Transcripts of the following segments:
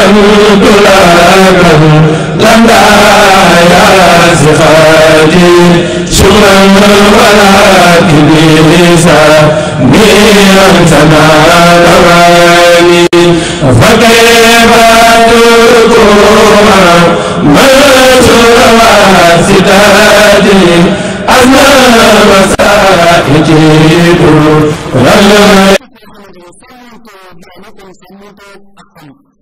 همت لكم لنا يا سخاتي شكرا ولكن بلسان تنادراني فكيف تركوها ملت رواسداتي أزمى مساكتي رجل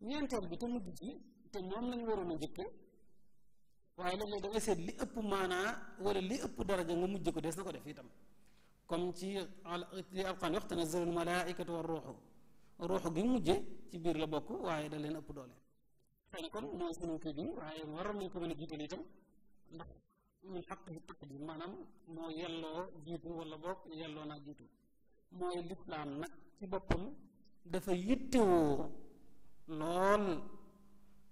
ñeenteel bi te mujj ci te ñoom lañ waroon a njëkke waaye léeg-léeg dangay seet li ëpp maanaa wala li ëpp daraja nga mujj ko des na ko def itam comme ci li alxuraan wax tanazzalu almalaaikatu war ruuxu ruuxu gi mujje ci biir la bokk waaye da leen ëpp doole xëy kon mooy suñu kii bi waaye waroon nañ a jiital itam ndax maanaam moo yelloo jiitu wala bokk yelloo naa jiitu mooy lislaam nag ci boppam dafa yittewoo lool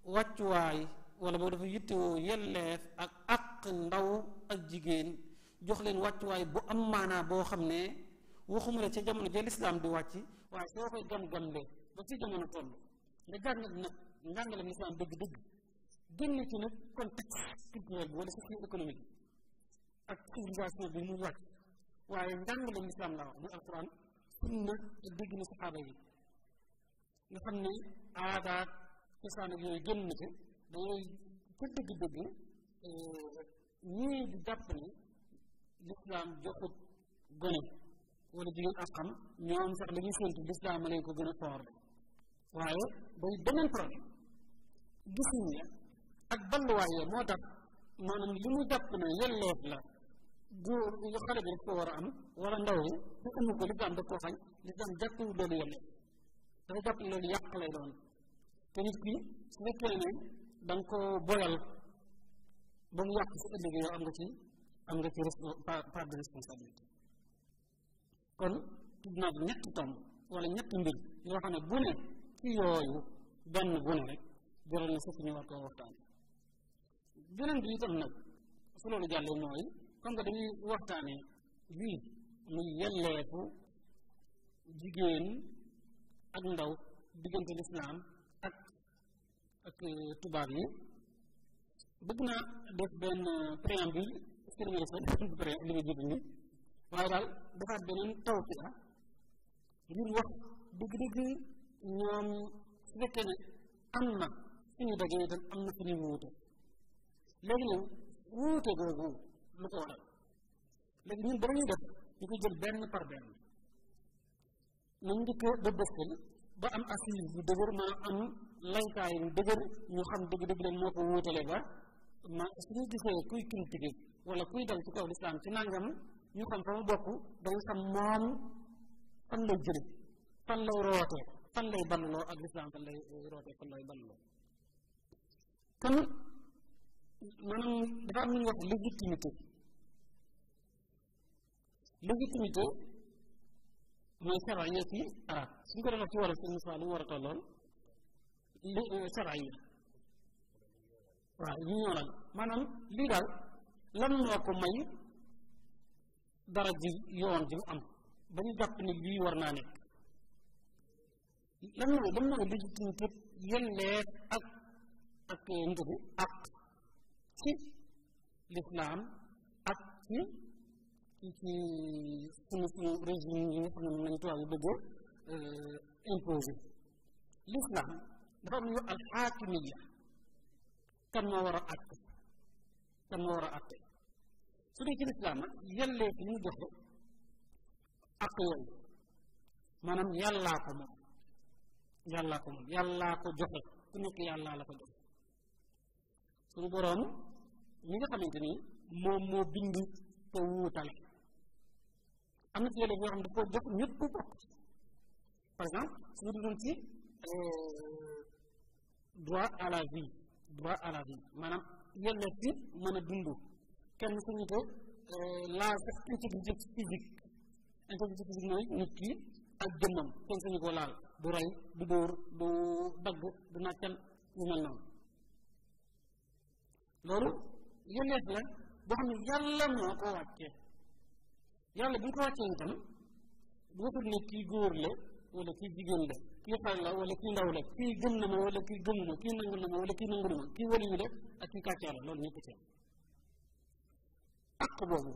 wàccuwaay wala boo dafa yittewoo yelleef ak àq ndaw ak jigéen jox leen wàccuwaay bu am maanaa boo xam ne waxuma la ca jamono ja lislaam di wàcc waaye soo koy gam-gamle ba ci jamono toll nga lislaam dëgg-dëgg génn ci nag contexte culturel bi wala socio-économique ak civilisation bi mu wàcc waaye njàngale lislaam la wax muy alquran sunna ak dégg na saxaaba yi nga xam ne aadaat cosaan ak yooyu génn na eh, di jàpp ne lislaam joxut gone wala jigéen ak xam ñoom sax dañuy séntu lislaam lañ ko gën a foor waaye day beneen problème gisin ya ak balluwaay ya moo tax maanaam li mu jàpp ne yelleef la góor xale bi daf ko war a am wala ndaw yi su amu ko lislaam daf koo xañ lislaam jàppul loolu yelleef dama jàpp ne loolu yàq lay doon te nit ki su nekkee ne da koo boyal ba mu yàq si ëllëg am nga ci am nga ci part de responsabilité kon tudd naa ñetti tomb wala ñetti mbir yoo xam ne bu ne ci yooyu benn bu ne rek jaral na sax ñu war koo waxtaan beneen bi itam nag su loolu jàllee mooy comme que dañuy waxtaanee lii muy yelleefu jigéen ak ndaw diggante lislaam ak euh, tubaab yi bëgg naa def benn préambule sérieux sax pré li nga waaye daal defaat beneen taw ci la ngir wax ñoom su fekkee ne am na suñu dajee itam am na suñu wuute léegi nag wuute googu lu ko waral léegi ñun bala ñuy def ñu ko jël benn par benn nañ di ko dëddëstal ba am assise bu dëgër maanaam am laykaay bu dëgër ñu xam dëgg-dëgg leen moo ko wuutale ba ma suñu gisee kuy critiqué wala kuy dal ci kaw lislaam ci nangam ñu xam fa mu bokk dañ xam moom fan lay jëlee fan lay rootee fan lay balloo ak lislaam fan lay eh, rootee fan lay balloo kon maanaam dafa am lu wax légitimité légitimité mooy shar'iyya ci arab ah suñ ko defee ci wala seen war a tolloon li shar'iyya waaw ñu ñëwal maanaam lii daal lan moo ko may dara ji yoon ji am ba jàpp ni lii war naa nekk lan mooy lan mooy légitimité yelleef ak ak njëgu ak ci lislaam ak ci ci sunu sunu régime yi nga xam ne moom lañ tubaab yi bëgg a euh, imposé l'islam dafa am lu al xaakimiya kan moo war a àtte kan moo war a àtte su dee ci lislaam nag yellee fi ñu joxe àtte yooyu maanaam yàllaa ko moom yàllaa ko moom yàllaa ko joxe ku nekk yàllaa la ko joxe suñu boroom mi nga xamante ni moom moo bind te wuutale am na ci élèves yoo xam ne daf koo jox ñëpp bokk par exemple suñu duggoon ci euh, droit à la vie droit à la vie maanaam yelleef bi mën a dund kenn ku euh, ko laal du rey du dóor du dagg du nàccal ñu mel loolu yelleef la boo xam ne yàlla moo ko wàccee yàlla bi ñu ko wàccee itam waxul ne kii góor la wala kii jigéen la kii xale la wala ki ndaw la kii gëm na ma wala kii gëm na ma kii nangu na ma wala na ma kii waliyu la ak kii kàccee la ak boobu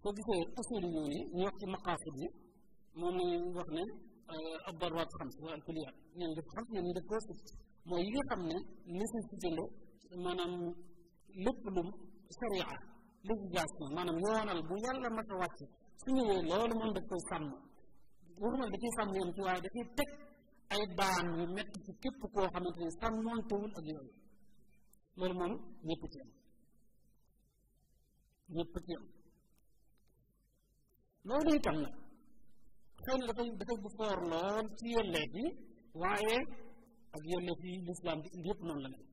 soo gisee asuli ñoo ni ñu wax ci maqaasid yi moom lañuy wax ne ab darwaat xam xam ñeen def ko sut mooy yi nga xam ne nécessité la maanaam lépp lu sariya législation maanaam yoonal bu yàlla mas a wàcc su ñëwee loolu moom daf koy sàmm waxuma da ciy sàmm yam ci waaye dafay teg ay daan yu métti ci képp koo xamante ne sàmmoontewul ak yooyu loolu moom ñëpp dafay dafay bu lool ci yelleef yi waaye ak yelleef yi lislaam bi indi yëpp noonu la mel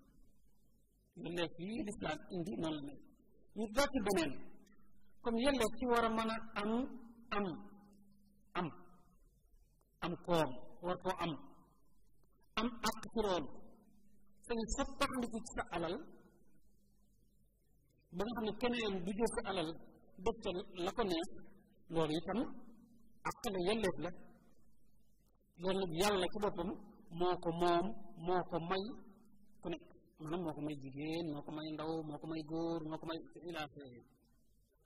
yelleef yi lislaam indi noonu la mel ñu gàtt beneen comme yàlla ci war a mën a am am am koom war koo am am àq ci loolu sañ soppaxndiku ci sa alal ba nga xam ne keneen du jël sa alal def ca la ko neex loolu itam àq la yelleef la yàlla ci boppam moo ko moom moo ko may ku nekk maanaam moo ko may jigéen moo ko may ndaw moo ko may góor moo ko may ila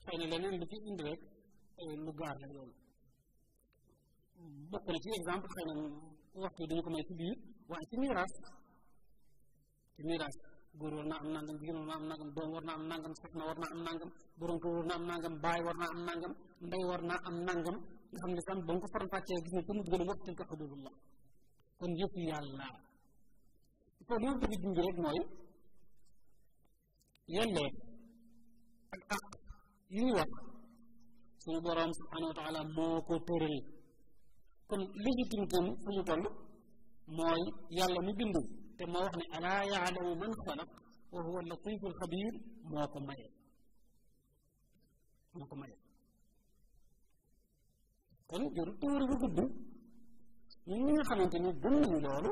xëy na leneen na ci exemple xëy na waxtu dañu ko may ci biir waaye ci miiras góor war naa am nangam jigéen war naa am nangam doom war naa am nangam soxna war naa am nangam borom war naa am nangam baay war naa am nangam ndey war sax ba ko faram fàccee gis nga ko mu dugal wax dañ ko kon yëpp yàlla kon li ma bëgg junj rek mooy yelleef ak àq te moo wax ne alaa yaalamu man xalaq wa huwa latifu alxabir moo ko maye moo ko maye kon jëru téere bu gudd ñun ñi nga xamante ni gëm nañu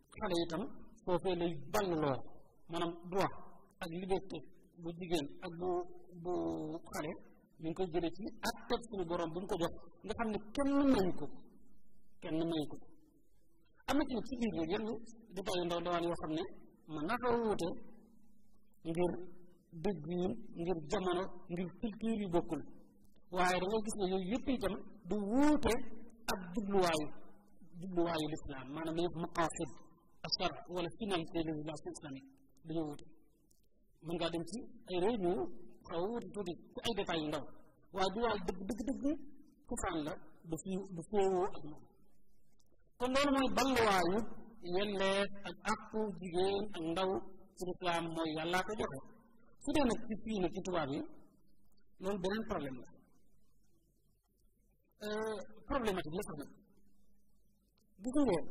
xale tam foofee lay balloo maanaam droit ak liberté bu jigéen ak bu bu xale ñu ngi koy jëlee ci ak teg suñu borom bu ñu ko jox nga xam ne kenn mayu ko kenn mayu ko am na tamit ci biir bi yenn détails yu ndaw ndawaan yoo ngir dëgg ngir jamono ngir culture yu bokkul waaye da gis yooyu yëpp itam du wuute ak jubluwaayu jubluwaayu lislaam maanaam yëpp maqaasid asar wala finalité de régulation islamique dañoo wute mën ngaa dem ci ay réunion xaw tuuti ay détails ndaw waaye du wàll dëgg dëgg dëgg kufaan la du fi du féewoo ak mooy yàllaa ko joxe su dee nag ci fii nag ci tubaab yi loolu beneen problème la euh, problématique la sax nag bu ko ngeen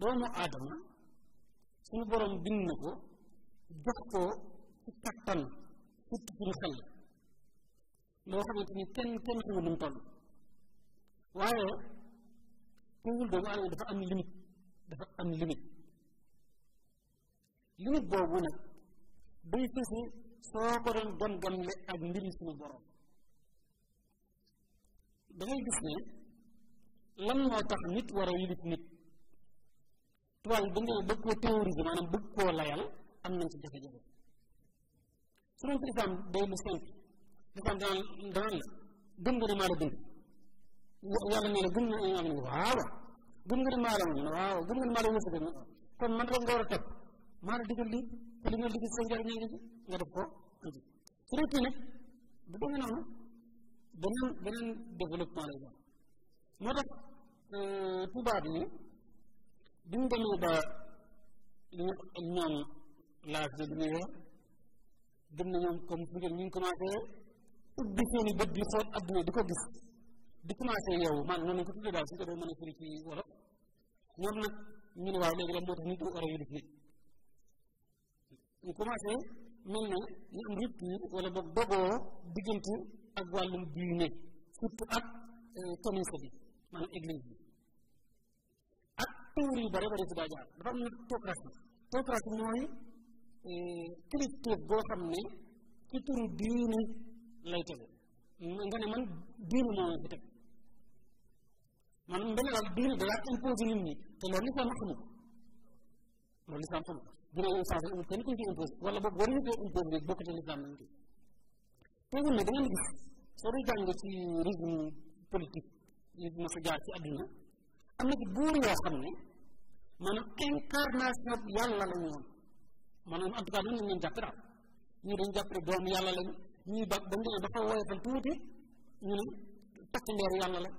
doomu aadama suñu borom bind na ko jox ko ci kattan surtout suñu xel loo xamante ni kenn kenn xamul lu toll waaye teewul doomu aadama dafa am limite dafa boobu nag day fesi soo ko doon gam-gamle ak mbiri suñu borom da gis ne lan moo tax nit war a yilif nit tubaab yi bu ñu layal am nañ ci jafe-jafe su doon ci islam day lu simple islam danaan danaan la gëm nga ne maa la bind yàlla nee na gëm nga ne maa la waaw gëm nga kon man rek nga war a maa la digal lii te li nga digal sa njëriñ ji nga def ko aji su dee kii nag bu demee noonu beneen lay doon moo tubaab euh, yi bi mu demee ba li ñu ñoom laaj de bi ñëwee na ñoom comme jigéen ñu ngi commencé ubbi seen i bët di ko gis di commencé yow man noonu ko tuddee daal su ko a firi ci wolof moo tax nit ñi war a yëlif nit ñu commencé mel ñu am rupture wala boog dogoo ak wàllum diine surtout ak euh, communauté théorie yu bëri bëri ci daa jaar dafa am na théocratie théocratie mooy kilifteef eh, boo xam ne ci turu diini lay tege nga ne man diini moo ma fi teg maanaam benn daal diini daal imposé nit ñi te loolu lislaam xamu ko loolu lislaam xamu ko diine instance yi amul kenn kuñ ci imposé wala boobu waruñu ko imposé bokk ci lislaam lañ koy teewul ne da ngeen gis soo dee jàng ci régime politique yi ma sa jaar ci àdduna am na ci góor yoo xam ne maanaam incarnation yàlla la ñu woon maanaam en tout cas noonu lañ leen jàppe daal ñii tuuti ñu ne takk ndeer yàlla la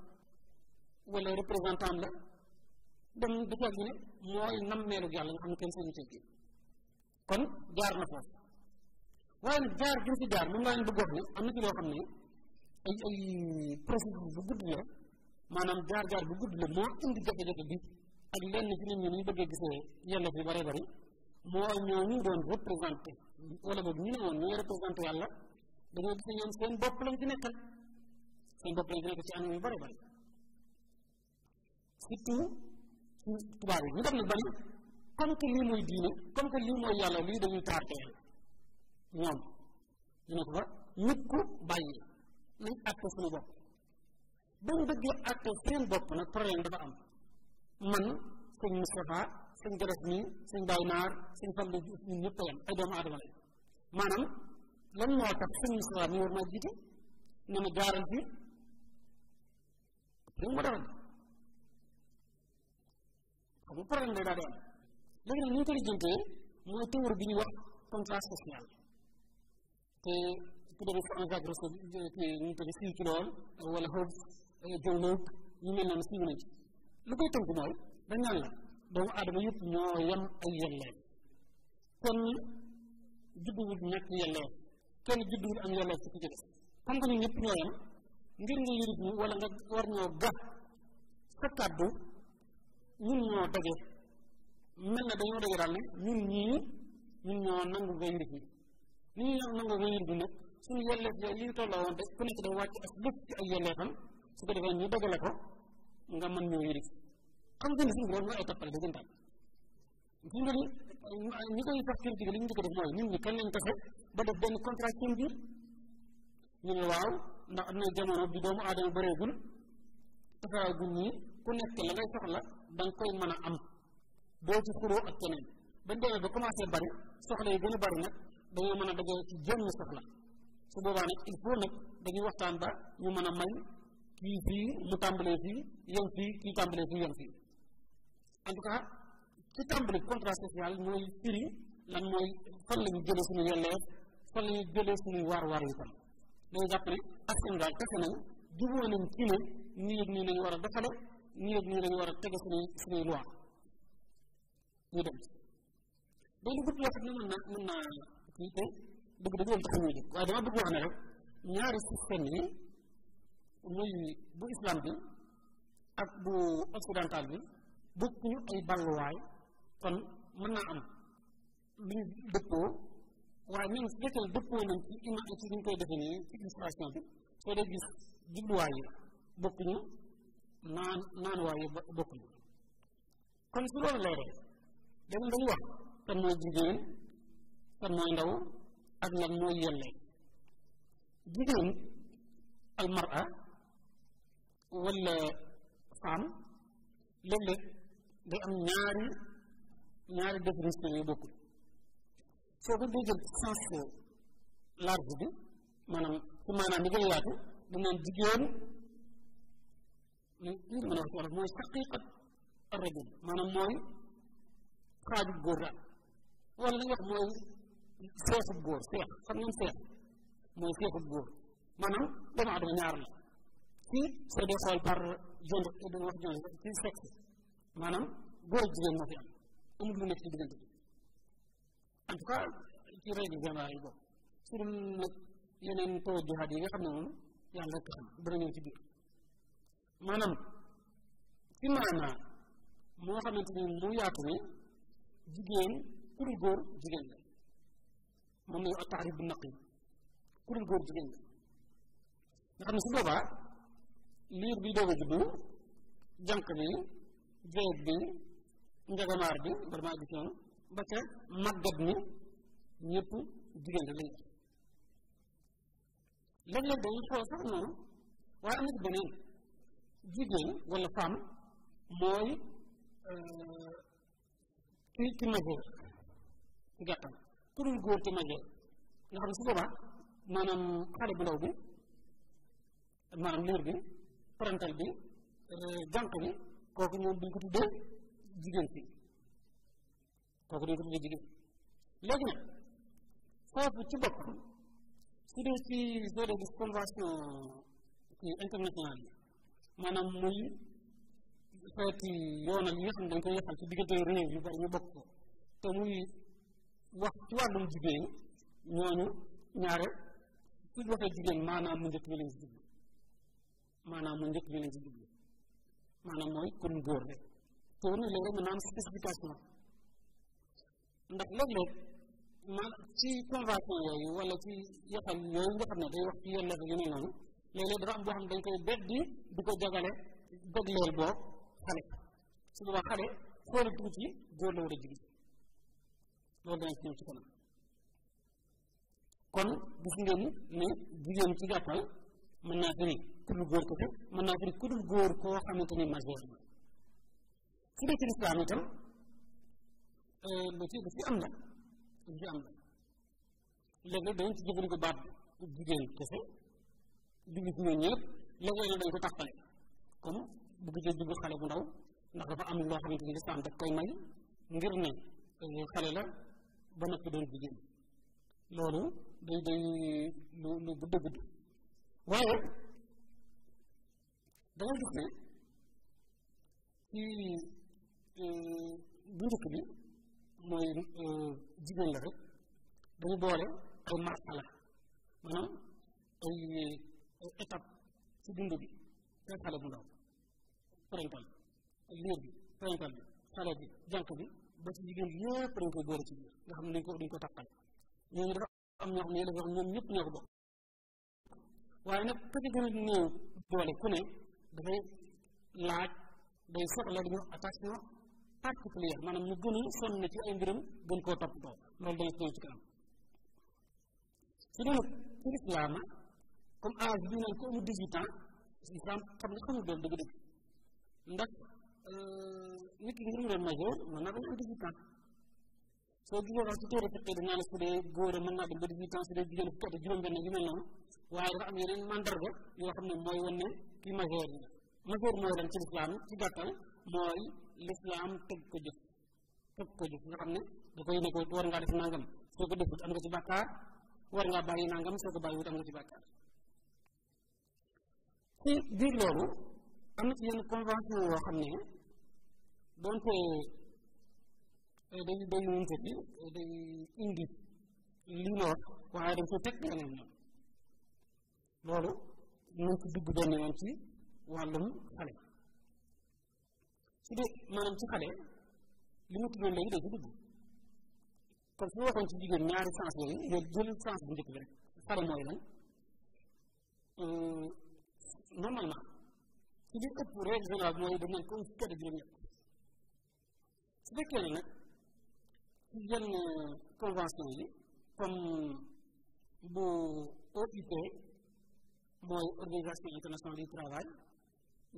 wala représentant la dem di ko ñu ne mooy nammeelu yàlla nga xam ne kenn sañu tekki kon jaar na foofu waaye nag jaar gi ci jaar moom laa leen bëgg wax ne am na ci loo xam ne ay ay processus bu gudd la maanaam jaar-jaar bu gudd la moo indi jafe-jafe bi ak lenn ci nit ñi ñu bëggee gisee yàlla fi bare bari moo ñooñu doon représenté wala boog ñu ne woon ñooy ne bari surtout ci lii mooy diine comme que lii mooy yàlla lii dañuy traité yàlla ñoom ñu ne ko fa nit ku bàyyi nañ àtte suñu bopp bañ bëggee àtte seen bopp nag problème dafa am man sëñ Moustapha sëñ Garas mi sëñ Baye Naar sëñ Fallou Diouf ñun ñëpp yam tax sëñ Moustapha mi war naa jiite na ma jaaral fii ma daal léegi nag ñu ko lijjantee mooy théorie bi ñu wax contrat social te ku demee Jean-Jacques Rousseau ñu ko lool wala Hobbes jëw loog ñu mel noonu siiw nañ ci lu koy tënk mooy dañ naan la doomu aadama yëpp ñoo yem ay yelleef kenn judduwut ñàkk yelleef kenn judduwut am yelleef ci ku ci des comme que ñun ñëpp ñoo yem ngir nga yërit ñu wala nga war ñoo ga sa kàddu ñun ñoo daje mel na dañoo daje daal ne ñun ñii ñun ñoo nangu nga yërit ñu ni ñu nangu nga yërit ñu nag suñu yelleef yooyu li ñu tolloo woon de ku nekk day wàcc ak lépp ci ay yelleefam su ko defee ñu dogale ko nga mën ñoo yëri xam nga ni suñu borom ay toppale dëggantaan fi nga ñi koy sax ñu njëkk def mooy nit ñi kañ lañ ne ndax am na jamono bi doomu aadama bëreegul tasaraa la da nga koy a am doo ci xuróo ak keneen ba demee ba commencé bari soxla yi gën a bari nag dañoo mën a dajee ci jëmm soxla su boobaa nag il faut nag dañuy waxtaan ba ñu mën a may kii fii mu tàmbalee fii yem fii kii tàmbalee fii yem fii en tout cas ci tàmbali contrat social mooy firi lan mooy fan la ñu jëlee suñu yelleef fan la ñu jëlee suñu waar-waar yi tam dañu jàpp ne ak nii lañu war a defale nii ak nii lañu war a tege suñuy suñuy ñu dem te bëgg dëgg woon tax ñuy jóg waaye dama bëgg wax ne rek ñaari système yi muy bu islam bi ak bu occidental bi bokkuñu ay bànguwaay kon mën naa am lu dëppoo waaye même su fekkee nañ ci ima koy defee nii ci illustration bi soo dee gis jubluwaay yi naan naanuwaay yi bokkuñu kon su loolu leeree dañu dañu wax kan mooy jigéen kan mooy ndaw ak nag mooy yellee jigéen al wala femme léeg-léeg am ñaari ñaari définition yu bokkul soo ko dee jël sens large bi maanaam su maanaam yaatu da naan jigéen mu ñu mën a wax wala mooy mooy xaaju góor daal wala mooy seexub góor seex xam ngeen seex mooy seexub góor maanaam doomu adama ñaar la fii soo dee par gendre te du maanaam góor ak jigéen moo fi am amul lu nekk ci diggante bi en yi boobu xam ne moom yàlla rek xam dana ñëw ci maanaam ci maanaa moo xamante ni mu yaatu ne jigéen kurul góor jigéen la moom la ñu at taxrib bu naqi kurul góor jigéen la nga xam ne su boobaa liir bi doog a juddu bi jeeg bi njagamaar bi vraiment gis noonu ba ca màggat mi ñëpp jigéen lañ ci léeg-léeg day sax noonu waaye am na ci beneen jigéen wala femme mooy euh, ci ci majeur ci gàttal ku góor ci majeur nga xam su boobaa maanaam xale bu ndaw bi maanaam liir bi parental bi euh, jànq bi kooku ñoom duñ ko jigéen si kooku duñ jigéen léegi nag foofu ci bopp su dee ci zone de convention ci internationale bi maanaam muy xeeti yoonal yi nga xam ne dañ koy yaqal ci diggante réew yu bari ñu bokk ko te muy wax ci wàllum jigéen ñooñu suñ waxee jigéen maanaam mu njëkk bi lañ si maanaam mu njëkk mooy comme góor rek pour ni léeg-léeg naa am spécification ndax léeg-léeg man ci convention yooyu wala ci yaxal yooyu nga xam ne day wax ci yenn level yu ne noonu dafa am boo xam dañ koy bett di di ko jagale jagleel boo xale su boobaa xale xoolatuñ ci góor la war a jublu loolu danañ ci ñëw ci kanam kon gis ngeen ni jigéen ci gàttal mën naa firi ku góor ko ko mën naa firi ku dul góor koo xamante ni majeur la su dee ci lislaam itam euh, lu ci lu ci am la lu ci am la léegi dañ ci jëfandiku baat jigéen kese du gis ñoom ñëpp léegi nag dañ ko tàqale comme bu gisee jublu xale bu ndaw ndax dafa am loo xamante ni lislaam daf koy may ngir ne euh, xale la ba noppi doon jigéen loolu day day lu lu gudd gudd waaye dama gis ne ci bu njëkk bi mooy euh, jigéen la rek dañu boole ay masala maanaam ay ay ci dund bi te xale bu ndaw parental ak liir bi parental bi xale bi jànq bi ba ci jigéen bi yëpp dañ koy boole ci nga xam ne dañ ko dañ ko takkal ñooñu ne dafa wax ñoom ñëpp ñoo ko waaye nag ka ci gën ku ne dafay laaj day soxla dañu attention particulière maanaam ñu gën a sonn ci ay mbiram gën koo toppatoo loolu day tëj ci su dee nag ci bi naan ko amul 18 ans lislaam xam nga xamul doon dëgg-dëgg ndax euh, nit ki ngir su dee góor a mën naa dem ba 18 su dee jigéen fukki at juróom-benn yu mel noonu waaye dafa am yeneen mandarga yoo xam ne mooy wan ci majeur mooy lan ci lislaam ci gàttal mooy lislaam tëgg ko jëf tëgg ko jëf nga xam ne da koy ne ko war ngaa def nangam soo ko defut am nga ci bàkkaar war ngaa bàyyi nangam soo ko bàyyiwut am nga ci bàkkaar ci biir loolu am na ci yenn convention yoo xam ne donte eh, day day eh, indi lii waaye dañ ko teg loolu nañ ci dugg benn yoon ci wàllum xale su dee maanaam ci xale li mu tuddoon léegi day ci dugg kon waxoon ci jigéen ñaari sens yooyu yow jël sens bu njëkk bi rek xale mooy lan euh, normalement ci li ëpp règle générale mooy dañ naan ko fukki at juróom-ñett su fekkee ne nag ci yenn convention yi comme bu OIT mooy organisation internationale du travail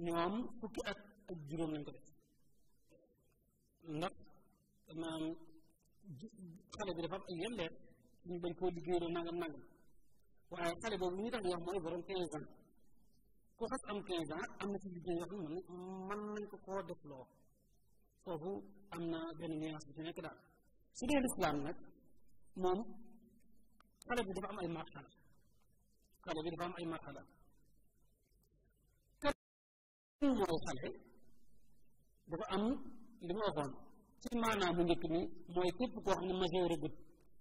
ñoom fukki at ak juróom lañ ko def ndax maanaam xale bi dafa am ñu bañ koo liggéeyoo nangam nangam waaye xale boobu ñu tax wax mooy borom 15 ans ku xas am 15 am na am na benn nekk daal su dee lislaam nag moom xale bi dafa am ay marxal xale bi dafa am li ma waxoon ci maanaam bu njëkk mi mooy képp koo xam ne majeur agut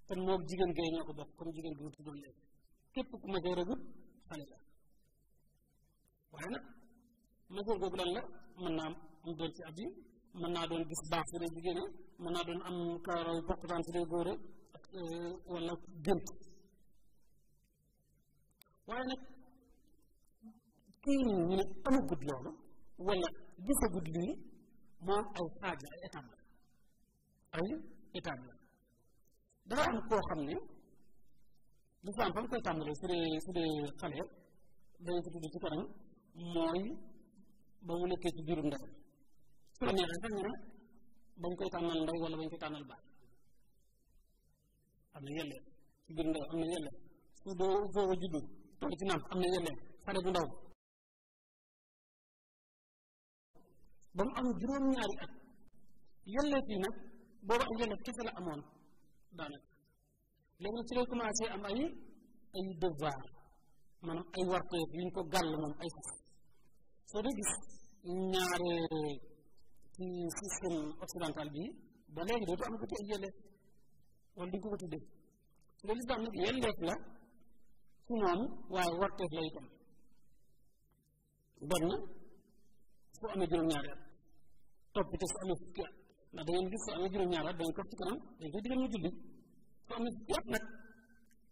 kon moom jigéen gay ñoo ko bokk comme jigéen bi tudd doon képp ku majeur agut xale la waaye nag googu lan la mën naa am doon ci at yi naa doon gis baax su dee jigéen mën naa doon am kaaraw bokkutaan su dee góore wala gént waaye nag kii ñu ne amagut loolu wala gisagut lii moom aw xaaj ay étape la ay étape la dafa am koo xam ne lislaam fa mu koy tàmbalee su dee su dee xale ko tudd ci kanam su la neexee sax ñu ne ba mu koy tànnal ndey wala ba ñu koy tànnal am na yellee ci biiru ndeyam am na yellee su doo soo juddu toll ci nàmp am na yeneen xale bu ndaw ba am juróom-ñaari at yelleef nag boobu ay yelleef kese la amoon daanaka léegi ci lay commencé am ay ay devoir maanaam dee gis am ko ci ay yelleef ko ko tuddee su dee lislaam nag yelleef la ci ñoom waaye warteef la itam benn su amee juróom-ñaari topp te su amee juróom-ñaari at ko ci kanam dañ koy digal julli su amee fukki at nag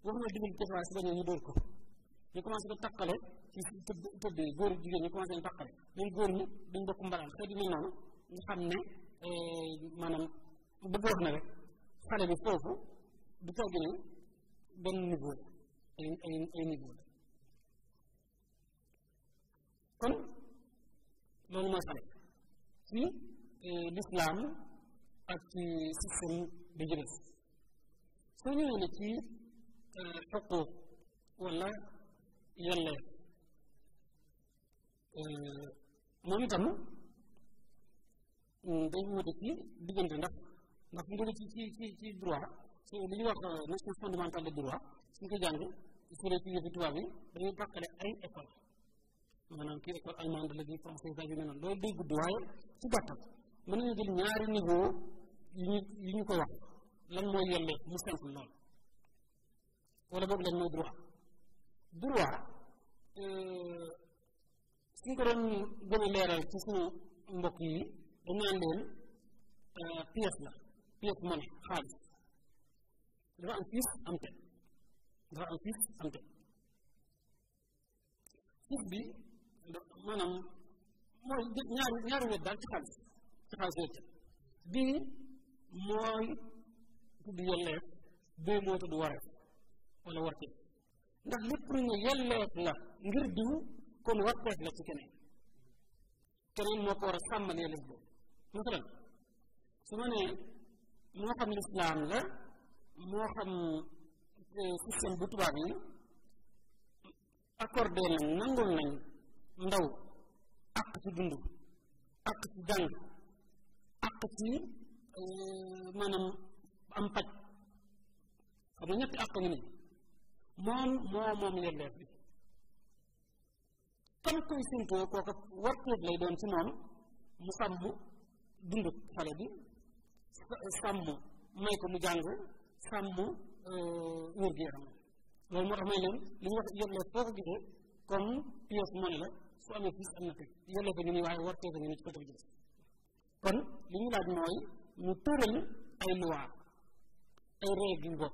wax nga digal kese duñ bokk mbaraan xëy na noonu nga xam ne eh, maanaam bëgg wax na rek xale bi foofu du tàgg ne benn niveau ay ay ay niveau la kon loolu mooy xale ci eh, lislaam ak ci système bi jëlee ñëwee ne ci eh, xuquuq wala yelleef eh, moom itam mm, day wute ci diggante ndax ndax mu jóge ci ci ci droit ci li ñuy wax notion euh, fondamentale de droit suñ ko jàng su tubaab yi dañuy tàqale ay école maanaam kii école allemande la kii française ak yu mel noonu loolu day gudd mooy yelleef mu simple lool wala boog lan mooy droit droit euh, suñ ko doon gën a leeral ci suñu mbokk yi dañu leen euh, pièce la pièce monnaie xaalis dafa am siis am teg dafa am siis am teg bii mooy tudd yelleef bee moo tudd wareef wala warte ndax lépp lu yelleef la ngir diw kon warteef la ci keneen keneen moo ko war a sàmmal yelleef boobu masalan su ma nee moo xam lislaam la moo xam système bu tubaab yi accordé nañ nangul nañ ndaw ak ci dund ak ci jàng ak ci euh, maanaam am paj xam nga ñetti ak ngi ni moom moo moom yelleef bi kam koy sintoo kooka warteef lay doon ci moom mu sàmm dund xale bi sàmm may ko mu jàng sàmm euh, wér-gu-yaram loolu moo tax may leen li ñu wax yorlee soo ko gisee comme pièce ko ñu ni waaye war teeka ñu ni kon li ñu laaj mooy ñu tëral ay loi ay règle yu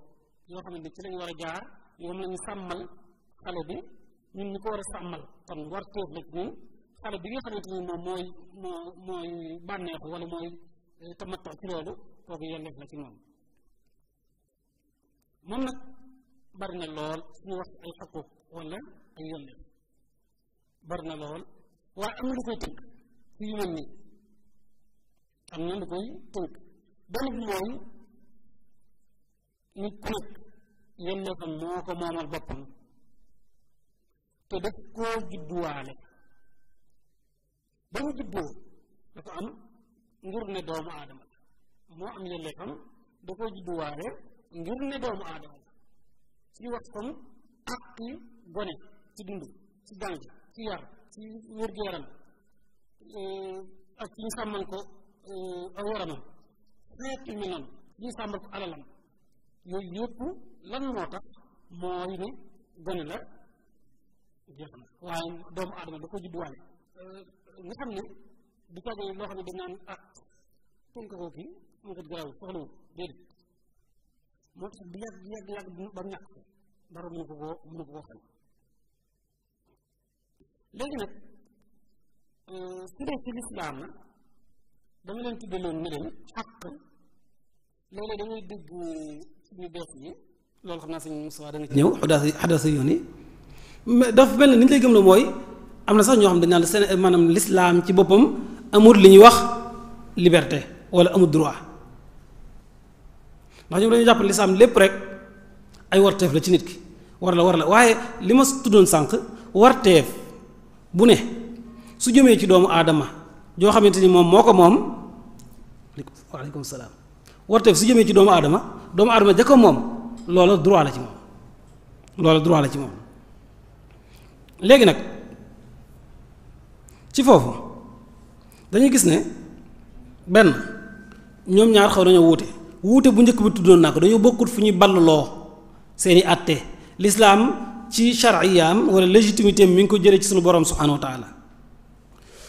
yoo xamante ne ci lañu war a jaar moom lañu sàmmal xale bi ñun ñu ko war a sàmmal kon war teef la ñun xale bi nga xamante ni moom mooy moo mooy bànneexu wala mooy eh, tamatoo ci loolu kooku yelleef la ci moom moom nag bari na lool suñu wax ay xaquq wala ay yónneel bari na lool waaye am na lu koy tënk ci yu mel nii am na lu koy tënk benn koo judduwaale ba mu juddoo dafa am ngir ne doomu aadama moo am yelleefam da koo judduwaale ngir ne doomu aadama la ci waxtam ak ci gone ci dund ci jàng ci yar ci wér-gu-yaram eh, ak ci ñu ko eh, aw yaramam ko alalam yooyu ne eh, xam ne du caagee loo xam ne dañ naan ah tënk ko kii mu ngi garaaw soxla wu déedéet moo tax bu yàgg yàgg léegi nag euh, ci lislaam dama leen tuddaloon ne leen euh, loolu xam naa sëñ Moussa da nga ci ñëw xadaasa xadaasa yoon yi mais dafa mel ne ni lay gëm la mooy am na sax ñoo xam dañ seen maanaam lislaam ci boppam amul li ñuy wax liberté walla amul droit ndax ñoom dañu jàpp lislaam lépp rek ay warteef la ci nit ki war la war la waaye li ma tuddoon sànq warteef bu ne su jëmee ci doomu aadama joo xamante ni moom moo ko moom waaleykum salaam warteef su jëmee ci doomu aadama doomu aadama jëkk ko moom loola droit la ci moom loola droit la ci moom léegi nag ci foofu dañu gis ne benn ñoom ñaar xaw nañoo wuute wuute bu njëkk bi tuddoon naa ko dañoo bokkut fu ñuy balluloo seeni àtte lislaam ci chariyaam wala légitimité mi ngi ko jëlee ci suñu borom subhanahu wa taala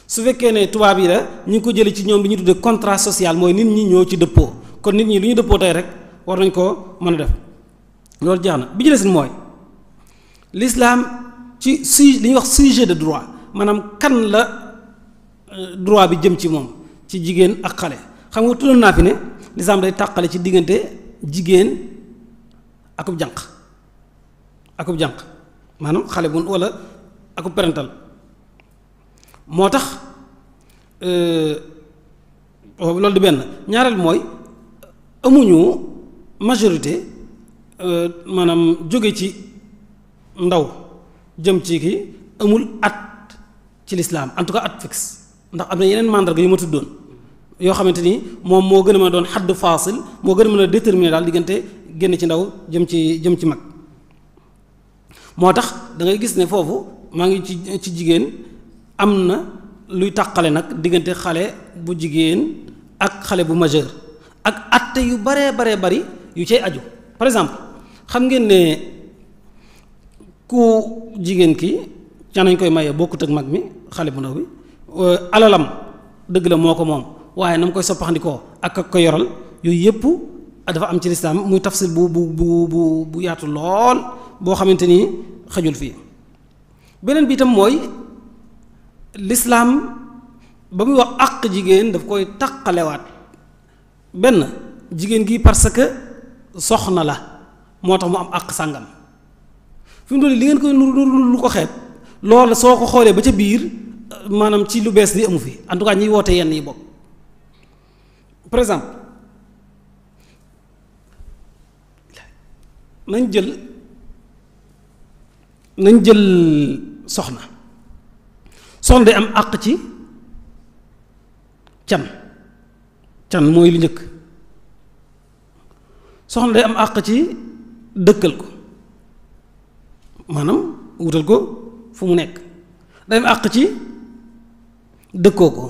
su fekkee ne tubaab yi la ñu ngi ko jëlee ci ñoom li ñu tuddee contra social mooy nit ñi ñoo ci dëppoo kon nit ñi lu ñu dëppoo tey rek war nañ koo mën a def loolu jeex na bi ñu des mooy lislaam ci su li ñuy wax sujet de droit maanaam kan la euh, droit bi jëm ci moom ci jigéen ak xale xam nga tuddoon naa fi ne. lislaam day taqale ci diggante jigéen akub jànq akub jànq maanaam xale bu wala akub parental moo tax euh, oh, loolu di benn ñaareel mooy amuñu majorité euh, maanaam jóge ci ndaw jëm ci ki amul at ci lislaam en tout cas at fixe ndax am na yeneen mandarga yu ma tuddoon yoo xamante ni moom moo gën a man a doon xaddu faasil moo gën a mën a déterminer daal diggante génn ci ndaw jëm ci jëm ci mag moo tax dangay gis ne foofu maa ngi ci ci jigéen am na luy tàqale nag diggante xale bu jigéen ak xale bu majeur ak atte yu baree baree bari yu cay aju par exemple xam ngeen ne ku jigéen ki ca nañ koy maye bokkut ak mag mi xale bu ndaw bi euh, alalam dëgg la moo ko moom waaye na mu koy soppaxandikoo ak ak ko yoral yooyu yëpp dafa am ci lislaam muy tafsil bu bu bu bu bu yaatu lool boo xamante ni xajul fii beneen bi itam mooy lislaam ba muy wax àq jigéen daf koy taqalewaat benn jigéen gi parce que soxna la moo tax mu am àq sàngam fi mu doon li ngeen koy nuru lu ko xeet loolu soo ko xoolee ba ca biir maanaam ci lu bees li amu fi en tout cas ñiy woote yenn yi bokk par exemple nañ jël nañ jël soxna soxna day am àq ci can can mooy lu njëkk soxna day am àq ci dëkkal ko maanaam wutal ko fu mu nekk day am àq ci dëkkoo ko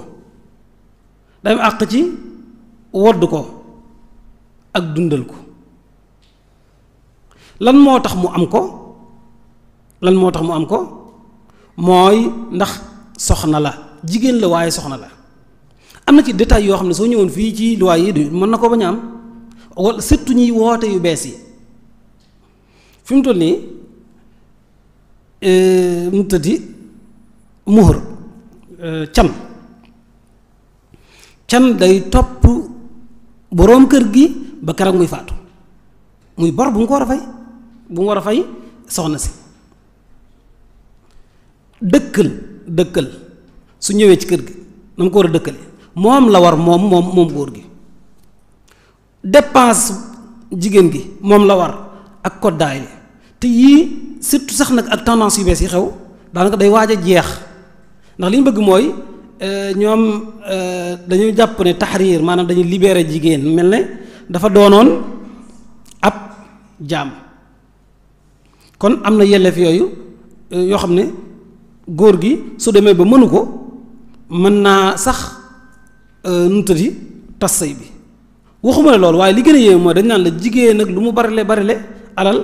day am àq ci wodd ko ak dundal ko lan moo tax mu am ko lan moo tax mu am ko mooy ndax soxna la jigéen la waaye soxna la am na ci détail yoo xam ne soo ñëwoon fii ci luwaay yi du mën na ko bañ a ñuy woote yu bees yi fi mu toll nii euh, mu tëddi muhur euh, can can day topp boroom kër gi ba keroog muy faatu muy bor bu mu ko war a fay bu mu war a fay soxna si dëkkal dëkkal su ñëwee ci kër gi na mu ko war a dëkkale moom la war moom moom moom góor gi dépense jigéen gi moom la war ak koddaay li te yii surtout sax nag ak tendance yu bees yi xew daanaka day waaj a jeex ndax li ñu bëgg mooy Euh, ñoom euh, dañuy jàpp ne taxriir maanaam dañuy libeere jigéen mel ne dafa doonoon ab jàmm kon am na yelleef yooyu euh, yoo xam ne góor gi su demee ba mënu ko mën naa sax nutati tas sëy bi waxuma ne loolu waaye li gën a yéeme mooy dañ naan la jigéen ak lu mu barile barile alal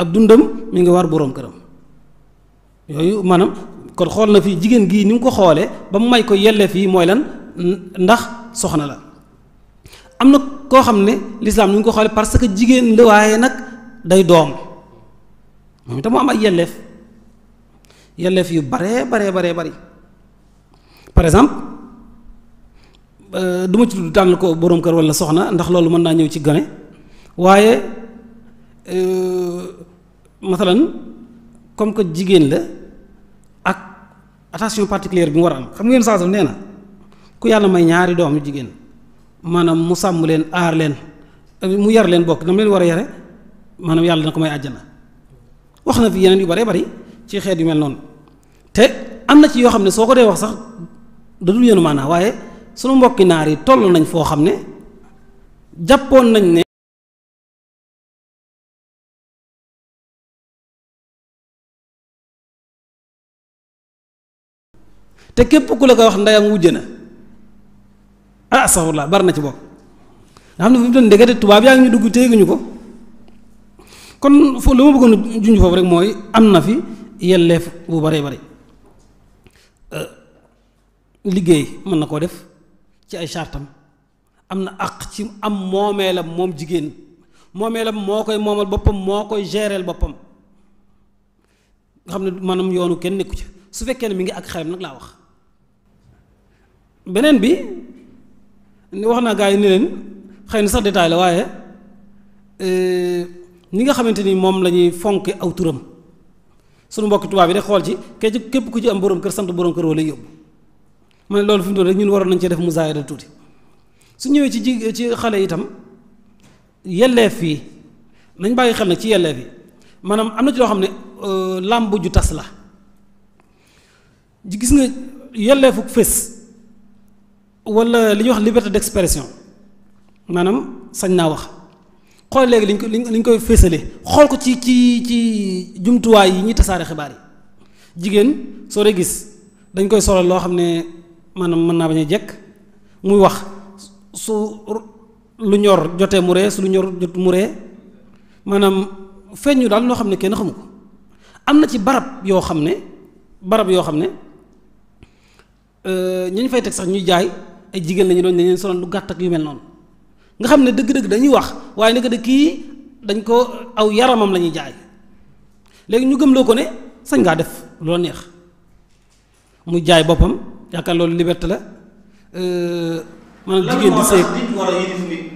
ab dundam mi ngi war boroom këram yooyu maanaam kon xool na fi jigéen gii ni mu ko xoolee ba mu may ko yelleef yi mooy lan ndax soxna la am na koo xam ne lislaam ni mu ko xoolee parce que jigéen la waaye nag day doom moom itam mu am ay yelleef yelleef yu baree baree baree bari par exemple euh, du ma ci tudd tànn ko boroom kër walla soxna ndax loolu mën naa ñëw ci gone waaye euh, masalan comme que jigéen la ak attention particulière bi mu war a am xam ngeen saasam nee na ku yàlla may ñaari doom yu jigéen maanaam mu sàmm leen aar leen mu yar leen bokk dama leen war a yare maanaam yàlla na ko may àjjana wax na fi yeneen yu bare bari ci xeet yu mel noonu te am na ci yoo xam ne soo ko dee wax sax da dul yenu maanaa waaye sunu mbokki naar yi toll nañ foo xam ne jàppoon nañ ne te képp ku la ko wax ndeyam wujj na ah astaxfirullah bari na ci bopp nga xam ne fi mu doon ndekete tubaab yaa ngi ñu dugg téyeguñu ko kon foofu li ma bëggoon junj foofu rek mooy am na fi yelleef bu baree bari euh, liggéey mën na koo def ci ay chartam am na àq ci am moomeelam moom jigéen moomeelam moo koy moomal boppam moo koy géreel boppam nga xam ne maanaam yoonu kenn nekku ci su fekkee ne mi ngi ak xelam nag laa wax beneen bi ni wax naa gaa yi ni leen xëy na sax détail la waaye ni euh, nga xamante ni moom la ñuy fonke aw turam sunu mbokki tubaab yi de xool ci kee képp ku ci am borom kër sant borom kër wala lay yóbbu ma ne loolu fi mu doon ñun waroon nañ cee def musaayada tuuti su ñëwee ci ji ci xale itam yelleef yi nañ bàyyi xel nag ci yelleef yi maanaam am na ci loo xam ne euh, làmb ju tas la gis nga yelleefuk fës wala li ñuy wax liberté d'expression maanaam sañ naa wax xool léegi liñ ko liñ koy fésale xool ko ci ci ci jumtuwaay yi ñu tasaare xibaar yi jigéen soo dee gis dañ koy solal loo xam ne maanaam mën naa bañ a jekk muy wax su lu ñor jotee mu ree su lu ñor jot mu ree maanaam feeñu daal loo xam ne kenn xamu ko am na ci barab yoo xam ne barab yoo xam ne euh, ñañ fay teg sax ñuy jaay ay jigéen lañu doon dañu solon lu gàtt ak yu mel noonu nga xam ne dëgg-dëgg dañuy wax waaye nag de kii dañ ko aw yaramam la ñuy jaay léegi ñu gëm gëmloo ko ne sañ ngaa def loo neex mu jaay boppam yaakaar loolu liberté la maanaam jigéen di seeg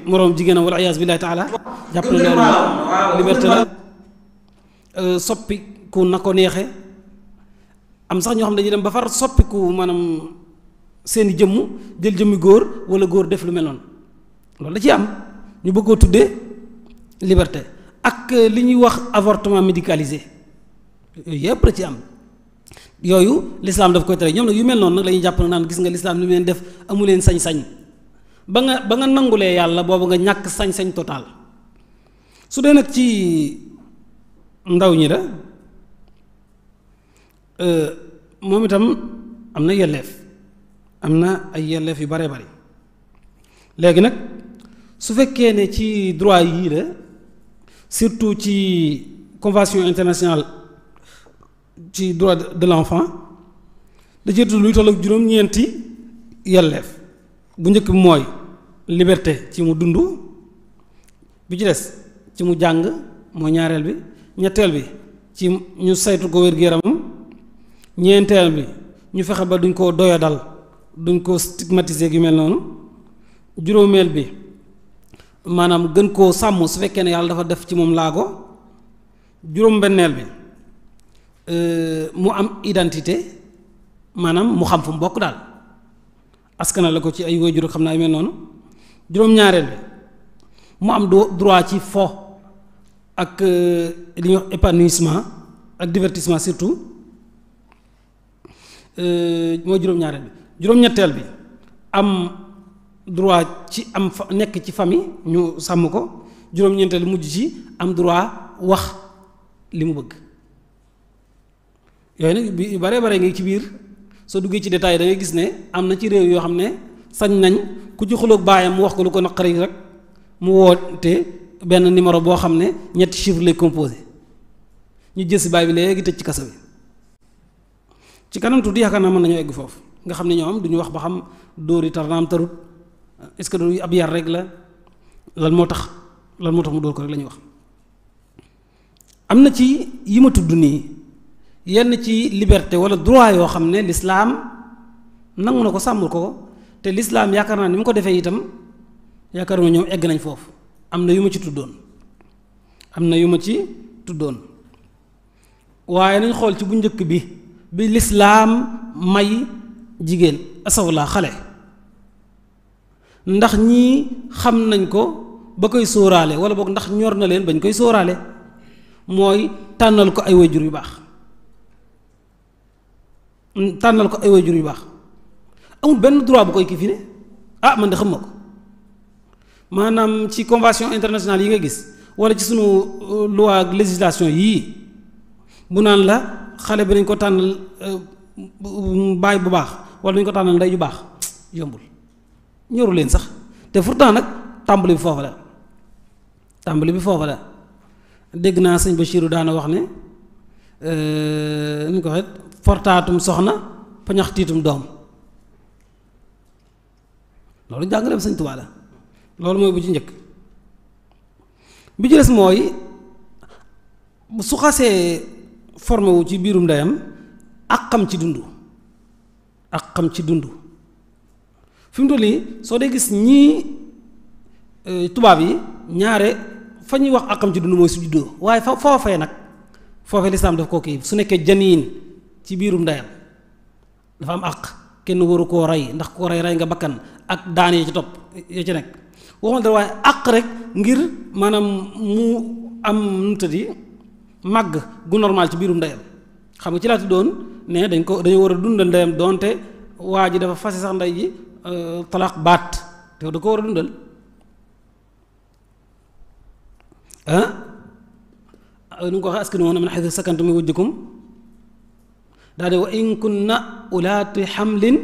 moroom jigéenam wala bi billahi taala jàpp na loolu liberté la soppi ku na ko neexe am sax ñoo xam dañuy dem ba far soppiku maanaam seen i jëmm jël jëmmi góor wala góor def lu mel noonu loolu da ci am ñu bëggoo koo tuddee liberté ak euh, li ñuy wax avortement médicalisé yooyu yëpp la ci am yooyu lislaam daf koy tere ñoom nag yu mel noonu nag la ñuy jàpp naan gis nga lislaam li mu leen def amu leen sañ-sañ ba nga ba nga nangulee yàlla boobu nga ñàkk sañ-sañ total su dee nag ci ndaw ñi la euh, moom itam am na yelleef am na ay yelleef yu bare bari léegi nag su fekkee ne ci droit yii la surtout ci convention internationale ci droit de l'enfant da ci luy toll ak juróom-ñeenti yelleef bu njëkk bi mooy liberté ci mu dund bi ci ci mu jàng mooy ñaareel bi ñetteel bi ci ñu saytu ko wér-gu-yaramam ñeenteel bi ñu fexe ba duñ ko doyadal duñ ko stigmatiser yu mel noonu juróomeel bi maanaam gën koo sàmm su fekkee ne yàlla dafa def ci moom laago juróom-benneel bi euh, mu am identité maanaam mu xam fu mu bokk daal askana la ko ci ay waajur xam naa yu mel noonu juróom-ñaareel bi mu am droit ci fo ak euh, li ñuy wax ak divertissement surtout euh, mooy juróom-ñaareel bi juróom-ñetteel bi am droit ci am fa nekk ci famille ñu sàmm ko juróom-ñeenteel mujj ci am droit wax li mu bëgg yooyu nag bi bare bare ngi ci biir soo duggee ci détail da ngay gis ne am na ci réew yoo xam ne sañ nañ ku ci xuloog baayam mu wax ko lu ko naqari rek mu woote benn numéro boo xam ne ñetti chiffre lay composé ñu jël si baay bi léegi tëj ci kaso bi ci kanam tuuti yaakaar naa mën nañoo egg foofu nga xam ne ñoom du ñu wax ba xam dóor yi tar naam tarut est-ce que ab yar rek la lan moo tax lan moo tax mu dóor ko rek la ñuy wax. am na ci yi ma tudd nii yenn ci liberté wala droit yoo xam ne l'islam nangu na ko sàmmul ko te lislaam yaakaar naa ni mu ko defee itam yaakaar naa ñoom egg nañ foofu am na yu ma ci tuddoon am na yu ma ci tuddoon waaye nañ xool ci bu njëkk bi bi l'islam may. jigéen asawlaa xale ndax ñii xam nañ ko ba koy sóoraale wala boog ndax ñor na leen bañ koy sooraale mooy tànnal ko ay wayjur yu baax tànnal ko ay wayjur yu baax amul benn droit bu koy kifi ne ah man de xam ma ko maanaam ci convention internationale yi nga gis wala ci sunu euh, loi ak législation yii bu naan la xale bi nañ ko tànnal euh, baay bu baax wala ñu ko tànnal ndey ju baax yombul ñoru leen sax te pourtant nag tàmbali bi foofa la tàmbali bi foofa dégg naa sëñ Bachirou daana wax ne euh, nu ñu ko waxee fortaatum soxna pañax tiitum doom loolu jàngaleem sëñ Tuubaa la loolu mooy bu ci njëkk bi ci des mooy su xasee formé ci biirum ndeyam ak xam ci dund ak xam ci dund fi mu toll nii soo dee gis ñii e, tubaab yi ñaare fa ñuy wax ak xam ci dund mooy su juddoo waaye fa foofee nag foofee lislaam daf koo kii su nekkee janiin ci biirum ndeyam dafa am àq kenn waru koo rey ndax koo rey rey nga bakkan ak daan ya ci topp ya ci nekk waxuma dara waaye àq rek ngir maanaam mu am nu mu màgg gu normal ci biirum ndeyam xam nga ci laatu doon ne dañ ko dañu war a dundal ndeyam donte waa ji dafa fase sax ndey ji euh, talaax baat te da ko war a dundal ah nu ko waxee askan woon na haythu sakantum min wujdikum daal di wa in kunna ulaati xamlin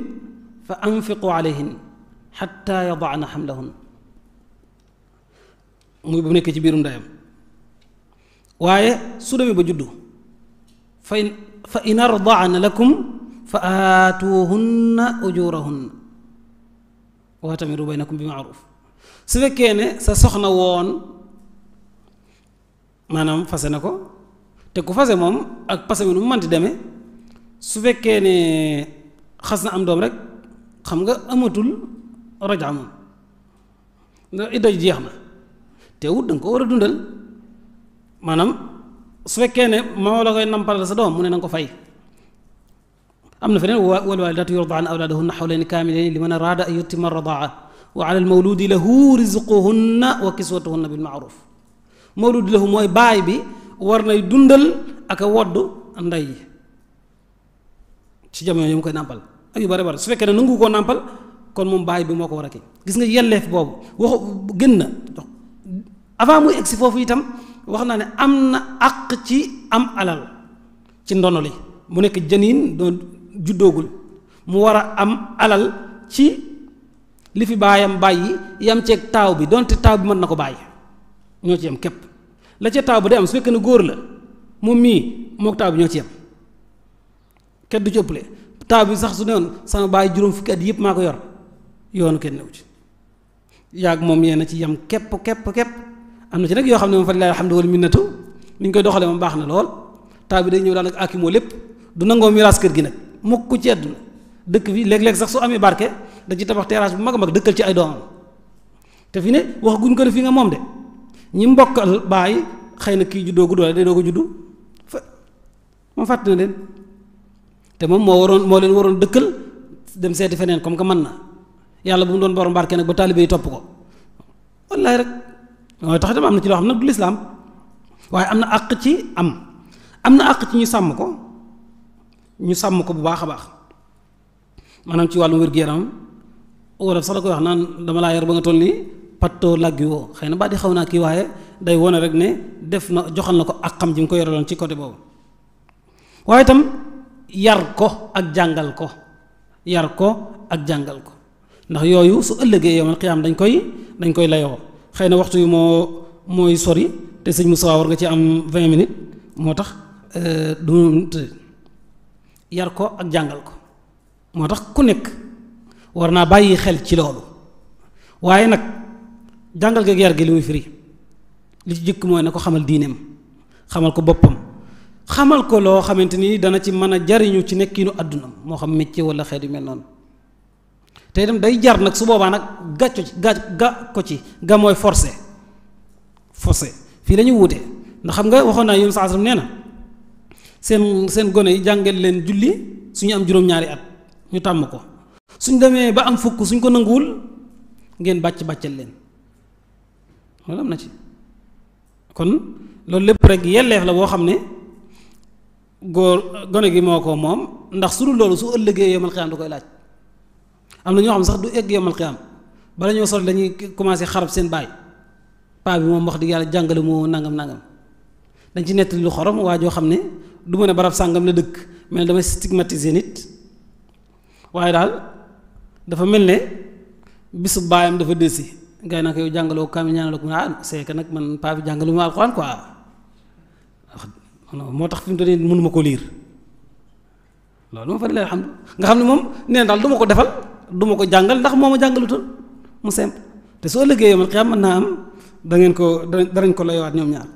fa anfiqu alayhin xatta yadana xamlahun muy bu nekkee ci biirum ndeyam waaye su demee ba juddu fa in fa in arda'na lakum fa aatuhunna ujurahunna wa atamiru baynakum bi maaruf su fekkee ne sa soxna woon maanaam fase na ko te ku fase moom ak pase mi nu mu mënti deme su fekkee ne xas na am doom rek xam nga amatul rajaa moom ndax idda jeex na teewut da nga ko war a dundal maanaam su fekkee ne moo la koy nampalal sa doom mu ne na nga ko fay am na feneen wal walidaatu yurdaan awlaadahunna xawlayni kaamilayni li man an yutima ay wa ala al mawludi lahu rizquhunna wa kiswatuhunna bil maaruf mawludi lahu mooy baay bi war nay dundal ak a wodd ndey ci jamono yi mu koy nàmpal ak yu bare bare su fekkee ne nangu koo nàmpal kon moom baay bi moo ko war a kii gis nga yelleef boobu waxu gën avant muy egsi foofu itam wax naa ne am na àq ci am alal ci ndono li mu nekk jëniin doon juddoogul mu war a am alal ci li fi baayam bàyyi yam ceeg taaw bi donte taaw bi mën na ko bàyyi ñoo ci yam képp la ca taaw ba day am su góor la moom mii mook taaw ñoo ci yam kenn du ci taaw bi sax su newoon sama baay juróom fukki at yëpp maa ko yor yoonu kenn newu yàgg moom yéen a ci yam képp képp képp am na ci nag yoo xam ne moom fa lillahi alhamdu wal minnatu ni ñu koy doxalee moom baax na lool taa day ñëw daanaka akimoo lépp du nangoo miraas kër gi nag mukk ci àdduna dëkk bi léeg sax su amee barke da ci tabax terrasse bu mag mag dëkkal ci ay doomam te fi ne wax guñ ko ne fii nga moom de ñi mbokkal baay xëy na kii juddoo gu doole day doog a juddu fa moom fàtte leen te moom moo waroon moo leen waroon dëkkal dem seeti feneen comme que mën na yàlla bu mu doon borom barke nag ba taalibe yi topp ko wallaay rek. mooy tax itam am na ci loo xam nag du lislaam waaye am na àq ci am am na àq ci ñu sàmm ko ñu sàmm ko bu baax a baax maanaam ci wàllum wér-gu-yaram wala sax la koy wax naan dama laa yar ba nga toll nii pattoo làggi woo xëy na ba xaw naa kii waaye day wone rek ne def na joxal na ko ak xam ji mu ko yoraloon ci côté boobu waaye itam yar ko ak jàngal ko yar ko ak jàngal ko ndax yooyu su ëllëgee yow man xiyaam dañ koy dañ koy layoo xëy na waxtu yi moo mooy sori te sëñ Moussa war nga ci am vingt minutes moo tax euh, du yar ko ak jàngal ko moo tax ku nekk war naa bàyyi xel ci loolu waaye nag jàngal gi ak yar gi li muy firi li ci jëkk mooy na ko xamal diineem xamal ko boppam xamal ko loo xamante ni dana ci mën a jariñu ci nekkiinu àdduna moo xam métier wala xeet yu mel noonu te itam day jar nag su boobaa nag gàcco ci ga ko ci ga mooy forcé forcé fii la ñu wuute ndax xam nga waxoon naa yoon saa nee na seen seen gone yi jàngal leen julli suñu am juróom-ñaari at ñu tàmm ko suñ demee ba am fukk suñ ko nanguwul ngeen bàcc bàccal leen loolu am na ci kon loolu lépp rek yelleef la boo xam ne góor gone gi moo ko moom ndax su dul loolu su ëllëgee yomal xiyam du koy laaj am na ñoo xam sax du egg yomal xiyaam bala ñoo sol dañuy commencé xarab seen baay paa bi moom wax dëgg yàlla jàngale moo nangam nangam dañ ci nettali lu xorom waa joo xam ne du ma ne barab sàngam la dëkk mel ne damay stigmatiser waaye daal dafa mel ne bisu baayam dafa dësi gars yi yow jàngaloo kaamil ñaanaloo ko ah c'est nag man paa bi ma alxuraan quoi moo tax fi mu toll nii mënuma ko liir loolu moom fa la xam nga xam ne moom nee na daal du ma ko defal. duma ko jàngal ndax moo ma jàngalutoon mu simple te soo ëllëgee ma man xiyam mën naa am da ngeen ko danañ ko layowaat ñoom ñaar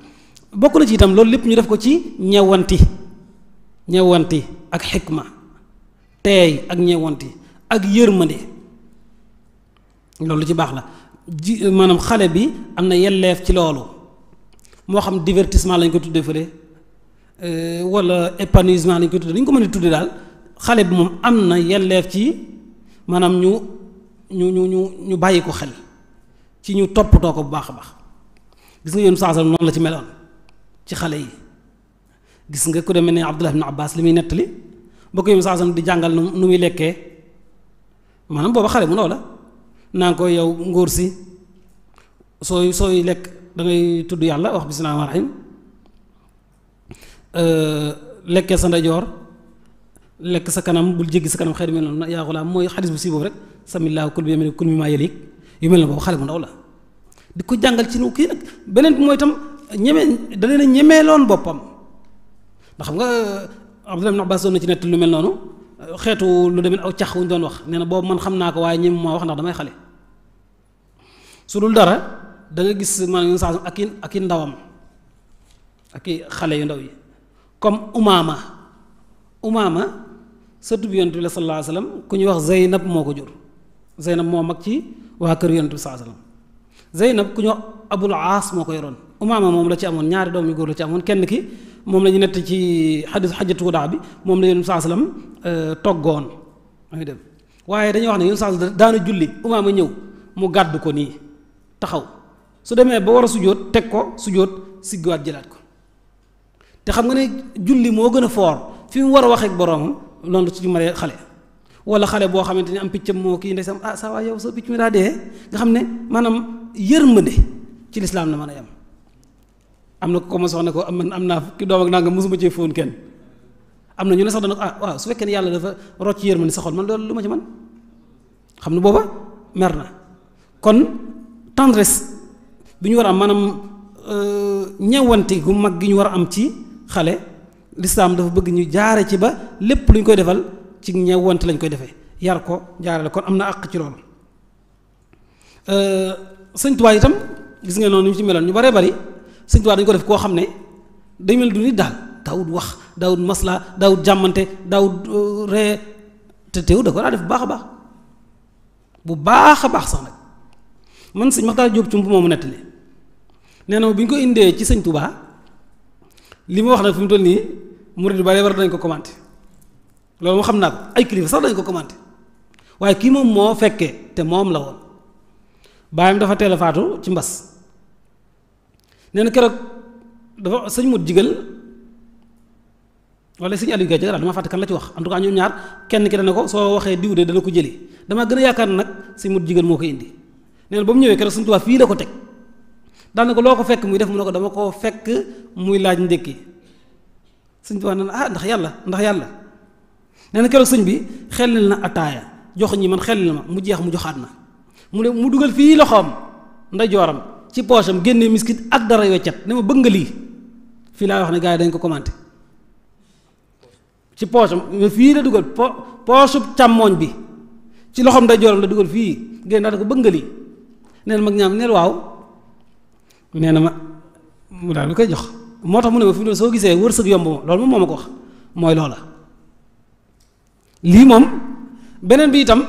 bokk na ci itam loolu lépp ñu def ko ci ñewanti ñewanti ak xikma teey ak ñewanti ak yërmande loolu ci baax la ji maanaam xale bi am na yelleef ci loolu moo xam divertissement lañ ko tuddee fële euh, wala épanouissement lañ ko tuddee dañ ko mën a tuddee daal xale bi moom am na yelleef ci maanaam ñu ñu ñu ñu ñu bàyyi ko xel ci ñu toppatoo ko bu baax a baax gis nga yoon saasam noonu la ci meloon ci xale yi gis nga ku demee ne Abdullah ibn Abbas li muy nettali ba ko yoon saasam di jàngal nu muy lekkee maanaam booba xale mu ndaw la naa ko yow ngóor si sooy sooy lekk dangay tudd yàlla wax bismillaahi rahmaani rahiim euh, lekkee sa ndajoor lekk sa kanam bul jéggi sa kanam xeet mel noonu yaa xulaam mooy xadis bu si boobu rek samillaahu kul bi yaminik kul mimmaa yu mel ne boobu xale bu ndaw la di ko jàngal ci nu beneen bi mooy itam ñeme da leen a boppam xam nga Abdullah ibn ci nett lu mel noonu xeetu lu demee aw cax wuñ doon wax nee na boobu man xam naa ko waaye ñem moo wax ndax damay xale su dul dara da nga gis maanaam saa ak ak i ndawam ak i xale yu ndaw yi comme umaama umaama sëtu bi yonent bi la sallallahu alayhi ku ñuy wax Zeynab moo ko jur Zeynab moo mag ci waa kër yonent bi sallallahu alayhi wa sallam Zeynab ku ñuy wax Abul Aas moo ko yoroon Umaama moom la ci amoon ñaari doom yu góor la ci amoon kenn ki moom la ñu nett ci xadis xajatu daa bi moom la yonent bi sallallahu alayhi wa sallam euh, dem waaye dañuy wax ne yonent bi sallallahu alayhi wa sallam julli Umaama ñëw mu gàddu ko nii taxaw su demee ba war a sujjóot teg ko sujjóot siggiwaat jëlaat ko te xam nga ne julli moo gën a foor fi war a waxee ak ci suñu maree xale wala xale boo xamante ni am piccam moo kii ndeysaan ah saa waay yow sa picc mi daa dee nga xam ne maanaam yërmande ci lislaam la mën a am na ko commencé wax ko am am naa ki doom ak nangam mosuma cee fóon kenn am na ñu ne sax dana ah waaw su fekkee ne yàlla dafa rocc yërmande sa xol man lu ma ci man xam ne booba mer na kon tendresse bi ñu war a am maanaam euh, gu mag gi ñu war a am ci xale lislaam dafa bëgg ñu jaare ci ba lépp lu ñu koy defal ci ñew ñeewante lañ koy defee yar ko jaarale kon am na àq ci loolu euh, sëñ Tuubaa itam gis nga noonu ñu ci meloon ñu baree bari sëñ Tuubaa dañ ko def koo xam ne dañu mel du nit daal daawut wax daawut maslaa daawut jàmmante daawut euh, ree te teew da ko daa def bu baax a baax bu baax a baax sax nag man sëñ Maxtaar Jóob ci mu moomu nettali nee na bi ñu ko indee ci sëñ Tuubaa li ma wax nag fi mu toll nii murid bari war nañ ko commenté loolu moo xam naa ko ay kilifa sax dañ ko commenté waaye kii moom moo fekkee te moom la woon baayam dafa teel a faatu ci mbas nee na keroog dafa sëñ mut jigal wala sëñ Aliou Gadiaga daal dama fàtte kan la ci wax en tout cas ñoom ñaar kenn ki dana ko soo waxee diw de dana ko jële dama gën a yaakaar nag sëñ mut jigal moo ko indi neen na ba mu ñëwee keroog sëñ Tuubaa fii la ko teg daan na ko loo ko fekk muy def mu ne ko dama koo fekk muy laaj ndékki sëñ bi wax na ah ndax yàlla ndax yàlla nee na keroog sëñ bi xelal na ataaya jox ñi man xelal ma mu jeex mu joxaat na mu ne mu dugal fii loxoom ndeyjooram ci poche am génne miskit ak dara weccat ne bëgg nga lii fii laa wax ne gars dañ ko commenté ci poche fii la dugal po poche càmmooñ bi ci loxoom ndeyjooram la dugal fii génn daal ko bëgg nga lii nee mag ñaam neel waaw. nee na ma mu daal di koy jox moo tax mu ne ma fi mu ne soo gisee wërsëg yomb ma loolu moom moo ko wax mooy loola. lii moom beneen bi itam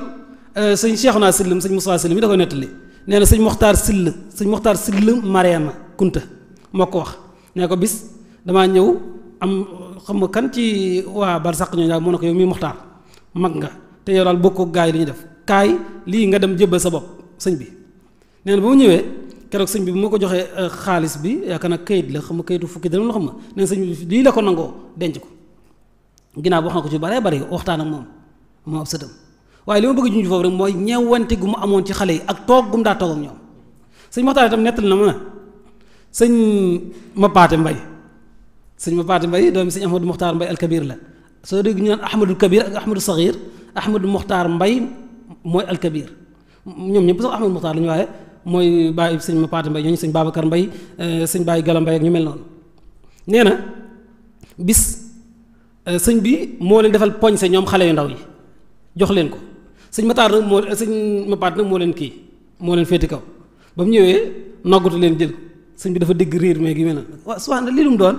euh, sëñ Cheikhouna Syll sëñ Moussa Syll mi da koy nettali nee na sëñ Mokhtar Syll sëñ Mokhtar Syll Mariama Kunta moo ko wax nee ko bis damaa ñëw am xam nga kan ci waa Barsàq ñooñu daal moo ne ko yow mii Mokhtar mag nga te yow daal bokkoo gaa yi li ñuy def kaay lii nga dem jébbal sa bopp sëñ bi nee ba mu ñëwee. keroog sëñ bi bu ma ko joxee euh, xaalis bi yaakaar naa kayit la xam ma kayitu fukki dërëm la xam nga nee sëñ bi lii la ko nangoo denc ko ginnaaw wax na ko ci bare bare waxtaan ak moom moom ab sëtam waaye li ma bëgg junj foofu rek mooy ñeewante gu mu amoon ci xale yi ak toog gu mu daa toog ñoom sëñ Maxtaar itam nettal na ma sëñ ma paate mbay sëñ ma paate mbay doomi sëñ Ahmadou Mokhtar Mbay al la soo dégg ñu naan Ahmadul Kabir ak Ahmadou Saxir Ahmadou Mbay mooy al ñoom ñëpp sax Ahmadou Mokhtar la ñu waaye mooy bàyyi sëñ ma paata mbay ñooñu sëñ Babacar mbay eh, sëñ bàyyi gala mbay ak ñu mel noonu nee na bis eh, sëñ bi moo leen defal poñse ñoom xale yu ndaw yi jox leen ko sëñ mataar nag moo sëñ ma paata nag moo leen kii moo leen féeti kaw ba mu ñëwee noggatu leen jël sëñ bi dafa dégg riir meeg yu mel noonu waaw subhaana lii lu mu doon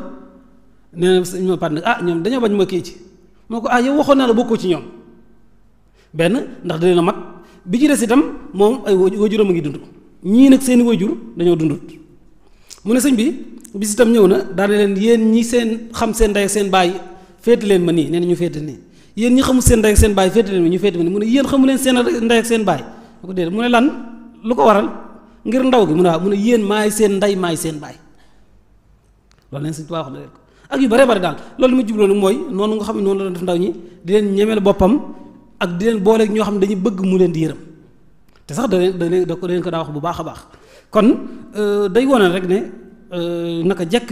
nee na sëñ ma paata nag ah ñoom dañoo bañ ma kii ci moo ko ah yow waxoon naa la bokkoo ci ñoom benn ndax da leen a mag bi ci des itam moom ay waajuram a ngi dund ñii nag seen i wajur dañoo dundut mu ne sëñ bi bis itam ñëw na daal leen yéen ñi seen xam seen ndey ak seen baay féete leen ma nii nee na ñu féete nii yéen ñi xamul seen ndey ak seen baay féete leen ma ñu féete ma nii mu ne yéen xamu leen seen ndey ak seen baay ko déedéet mu lan lu ko waral ngir ndaw gi mu ne waaw mu yéen maay seen ndey maay seen baay loolu leen sëñ Tuubaa wax na ko ak yu bare bare daal loolu ma jubloo nag mooy noonu nga xam ne noonu la doon def ndaw ñi di leen ñemeel boppam ak di leen booleeg ñoo xam ne dañu bëgg mu leen di yërëm te sax da leen da leen ko daa wax bu baax a baax kon euh, day wone rek ne euh, naka jekk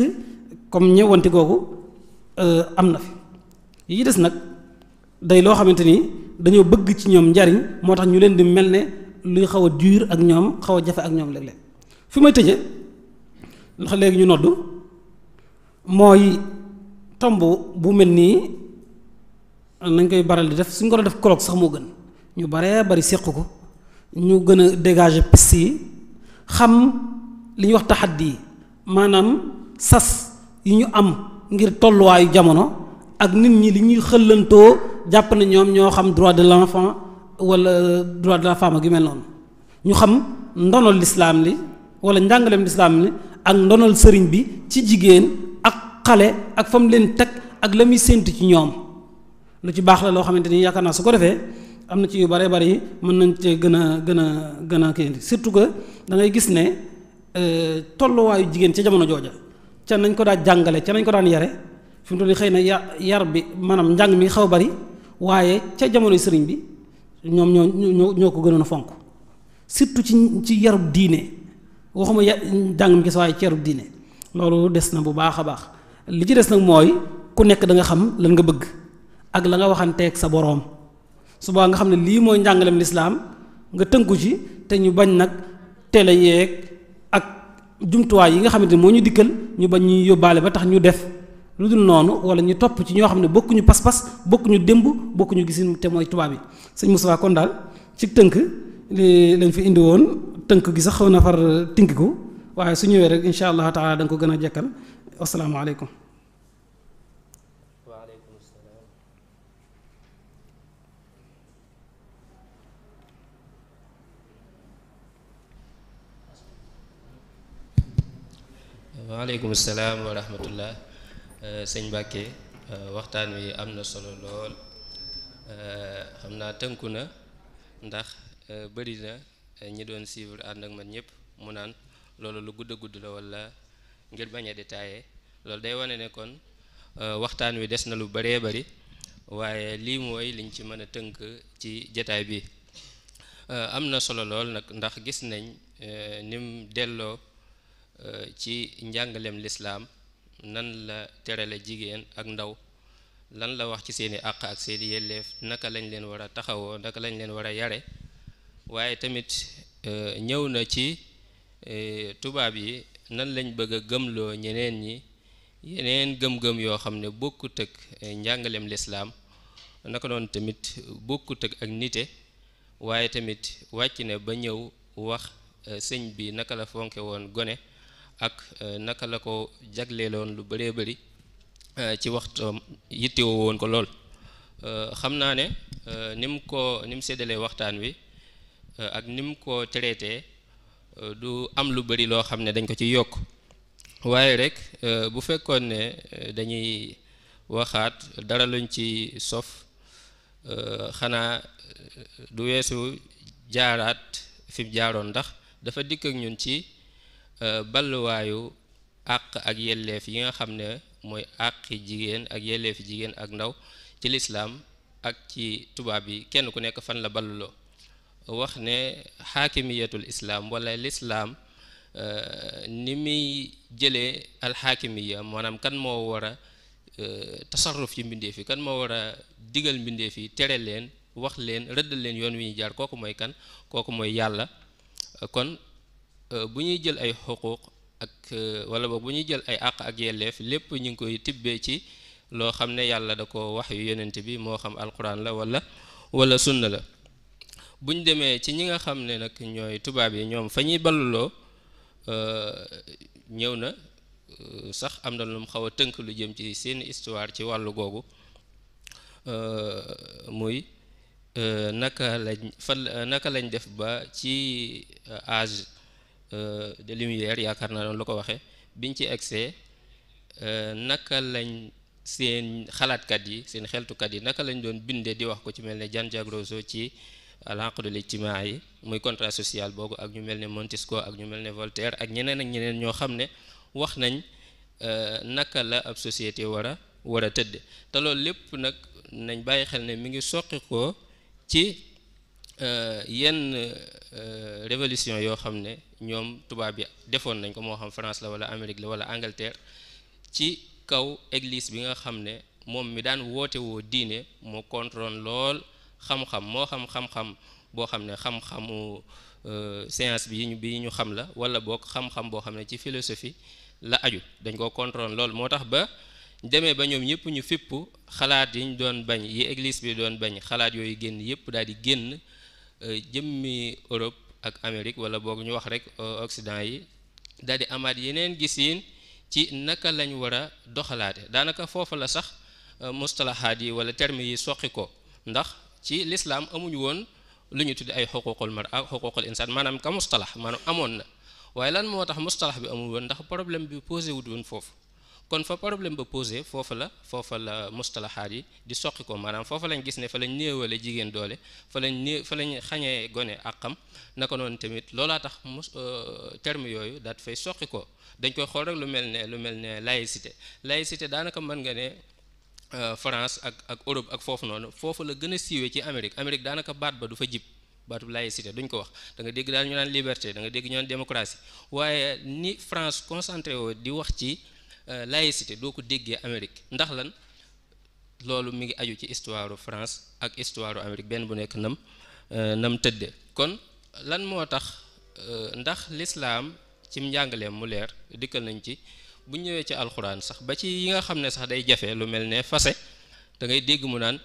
comme ñëwanti googu euh, am na fi yi des nag day loo xamante ni dañoo bëgg ci ñoom njariñ moo tax ñu leen di mel ne luy xaw a dur ak ñoom xaw a jafe ak ñoom léeg-léeg fi may tëje ndax léegi ñu noddu mooy tomb bu mel nii nañ koy baral di def suñ ko def colloque sax moo gën ñu baree bari séq ko ñu gën a dégager piste yi xam li ñuy wax taxaddi yi maanaam sas yi ñu am ngir tolluwaayu jamono ak nit ñi li ñuy xëllantoo jàpp na ñoom ñoo xam droit de l'enfant wala droit de la gi mel noonu ñu xam ndonol lislaam li wala njàngaleem lislaam li ak ndonol sëriñ bi ci jigéen ak xale ak fam leen teg ak la muy sént ci ñoom lu ci baax la loo xamante ni yaakaar naa su ko defee am na ci yu bare bari mën nañ cee gën a gën a gën a kii surtout que da gis ne euh, tolluwaayu jigéen ca jamono jooja ca nañ ko daan jàngale ca nañ ko daan yare fi mu toll xëy na ya yar bi maanaam njàng mi xaw bari waaye ca jamono sëriñ bi ñoom ñoo ko gënoon a fonk surtout ci ci yarub diine waxuma ya njàng mi gis waaye diine loolu des na bu baax a baax li ci des nag mooy ku nekk da nga xam lan nga bëgg ak la nga waxanteeg sa boroom. su nga xam ne lii mooy njàngalem lislaam nga tënku ci te ñu bañ nag télé yeeg ak jumtuwaay yi nga xamante ne moo ñu dikkal ñu bañ ñuy yóbbaale ba tax ñu def lu dul noonu wala ñu topp ci ñoo xam ne bokkuñu pas-pas bokkuñu démb bokkuñu gisin te mooy tubaab yi sëñ Moussa kon daal ci tënk li fi indi woon tënk gi sax xaw na far tinkiku waaye su ñëwee rek incha allah taala da ko gën a jekkal asalaamaaleykum waaleykum salaam wa euh, sëñ Mbàkke euh, waxtaan wi am na solo lool euh, xam naa tënku na ndax bëri na ñi doon suivre ànd ak man ñépp mu naan loolu lu gudd a gudd la wala ngir bañ a loolu day wane ne kon waxtaan wi des na lu bëree bari waaye lii mooy liñ ci mën a tënk ci jataay bi am na solo lool nag ndax gis nañ nim delloo. Euh, ci njàngalem lislaam nan la terale jigéen ak ndaw lan la wax ci seeni àq ak seeni yelleef naka lañ leen war a taxawoo naka lañ leen war a yare waaye tamit euh, ñëw na ci euh, tubaab yi nan lañ bëgg a gëmloo ñeneen ñi yeneen gëm-gëm yoo xam ne bokku tëg njàngaleem lislaam naka doon tamit bokku tëg ak nite waaye tamit wàcc na ba ñëw wax sëñ bi naka la fonke woon gone ak euh, naka la ko jagleeloon lu bëree bari euh, ci waxtoom yittewoo woon ko lool euh, xam naa ne ni mu ko ni seddalee waxtaan wi ak ni ko tereete du am lu bëri loo xam ne dañ ko ci yokk waaye rek bu fekkoon ne dañuy waxaat dara luñ ci sof xanaa du weesu jaaraat fi mu jaaroon ndax dafa dikk ak ñun ci Euh, balluwaayu àq ak yelleef yi nga xam ne mooy àqi jigéen ak yelleefi jigéen ak ndaw ci lislaam ak ci tubaab yi kenn ku nekk fan la balloo wax ne xaakimiyatul islaam wala lislaam euh, ni muy jëlee alxaakimiya maanaam kan moo war a euh, tasarruf ci mbindeef yi kan moo war a digal mbindeef yi tere leen wax leen rëddal leen yoon wi ñu jaar kooku mooy kan kooku mooy yàlla kon Euh, bu ñuy jël ay xuquuq ak euh, wala boog bu ñuy jël ay àq ak yelleef lépp ñu ngi koy tibbee ci loo xam ne yàlla da ko wax yu yonent bi moo xam alquran la walla wala sunn la buñ demee ci ñi nga xam ne nag ñooy tubaab yi ñoom fa ñuy balluloo euh, ñëw na sax am na lu mu xaw a tënk lu jëm ci seen histoire ci wàllu googu muy naka lañ fan naka lañ def ba ci âge Euh, de lumière yaakaar na doon ko waxee biñ ci egsee euh, naka lañ seen xalaatkat yi seen xeltukat yi naka lañ doon bindee di wax ko ci mel ne Jean-Jacques Rousseau ci al-aqdul ijtimaa'i muy contrat social boobu ak ñu mel ni Montesquieu ak ñu mel ne Voltaire ak ñeneen ak ñeneen ñoo xam ne wax nañ euh, naka la ab société war a war a tëdd te loolu lépp nag nañ bàyyi xel ne mi ngi soqi ko ci yenn Euh, révolution yoo xam ne ñoom tubaab yi defoon nañ ko moo xam France la wala Amérique la wala Angleterre ci kaw eglise bi nga xam ne moom mi daan woote woo diine moo contrôle lool xam-xam moo xam xam-xam boo xam ne xam-xamu euh, science bi ñu bi ñu xam la wala boog xam-xam boo xam ne ci philosophie la aju dañ ko contrôle lool moo tax ba demee ba ñoom ñëpp ñu fipp xalaat yi ñu doon bañ yi église bi doon bañ xalaat yooyu génn yëpp daal di génn Euh, jëmmi Europe ak Amérique wala boog ñu wax rek euh, Occident yi daal di amaat yeneen gisiin ci naka lañu war a doxalaate daanaka foofa la sax euh, mustalahaat yi wala terme yi soqi ko ndax ci lislaam amuñu woon lu ñu tudde ay xuququl mar ak xuququl insaan maanaam ka mustalah maanaam amoon na waaye lan moo tax mustalah bi amul woon ndax problème bi posé wut woon foofu kon fa problème ba posé foofa la foofa la mustalaxaat yi di soqi ko maanaam foofa lañ gis ne fa lañ néewale jigéen doole fa lañ néew fa lañ xañee gone àqam naka noonu tamit loolaa tax mus euh, terme yooyu daat fay soqi ko dañ koy xool rek lu mel ne lu mel ne laïcité laïcité daanaka mën nga ne euh, France ak ak Europe ak foofu noonu foofu la gën a siiwee ci Amérique Amérique daanaka baat ba du fa jib baatub laïcité duñ ko wax da nga dégg daal ñu naan liberté da nga dégg ñu naan démocratie waaye ni Euh, laïcité doo ko déggee Amérique ndax lan loolu mu ngi aju ci histoire France ak histoire Amérique benn bu nekk nam euh, nam tëddee kon lan moo tax euh, ndax lislaam ci njàngaleem mu leer dikkal nañu ci bu ñëwee ci alxuraan sax ba ci yi nga xam ne sax day jafe lu mel ne fase dangay dégg mu naan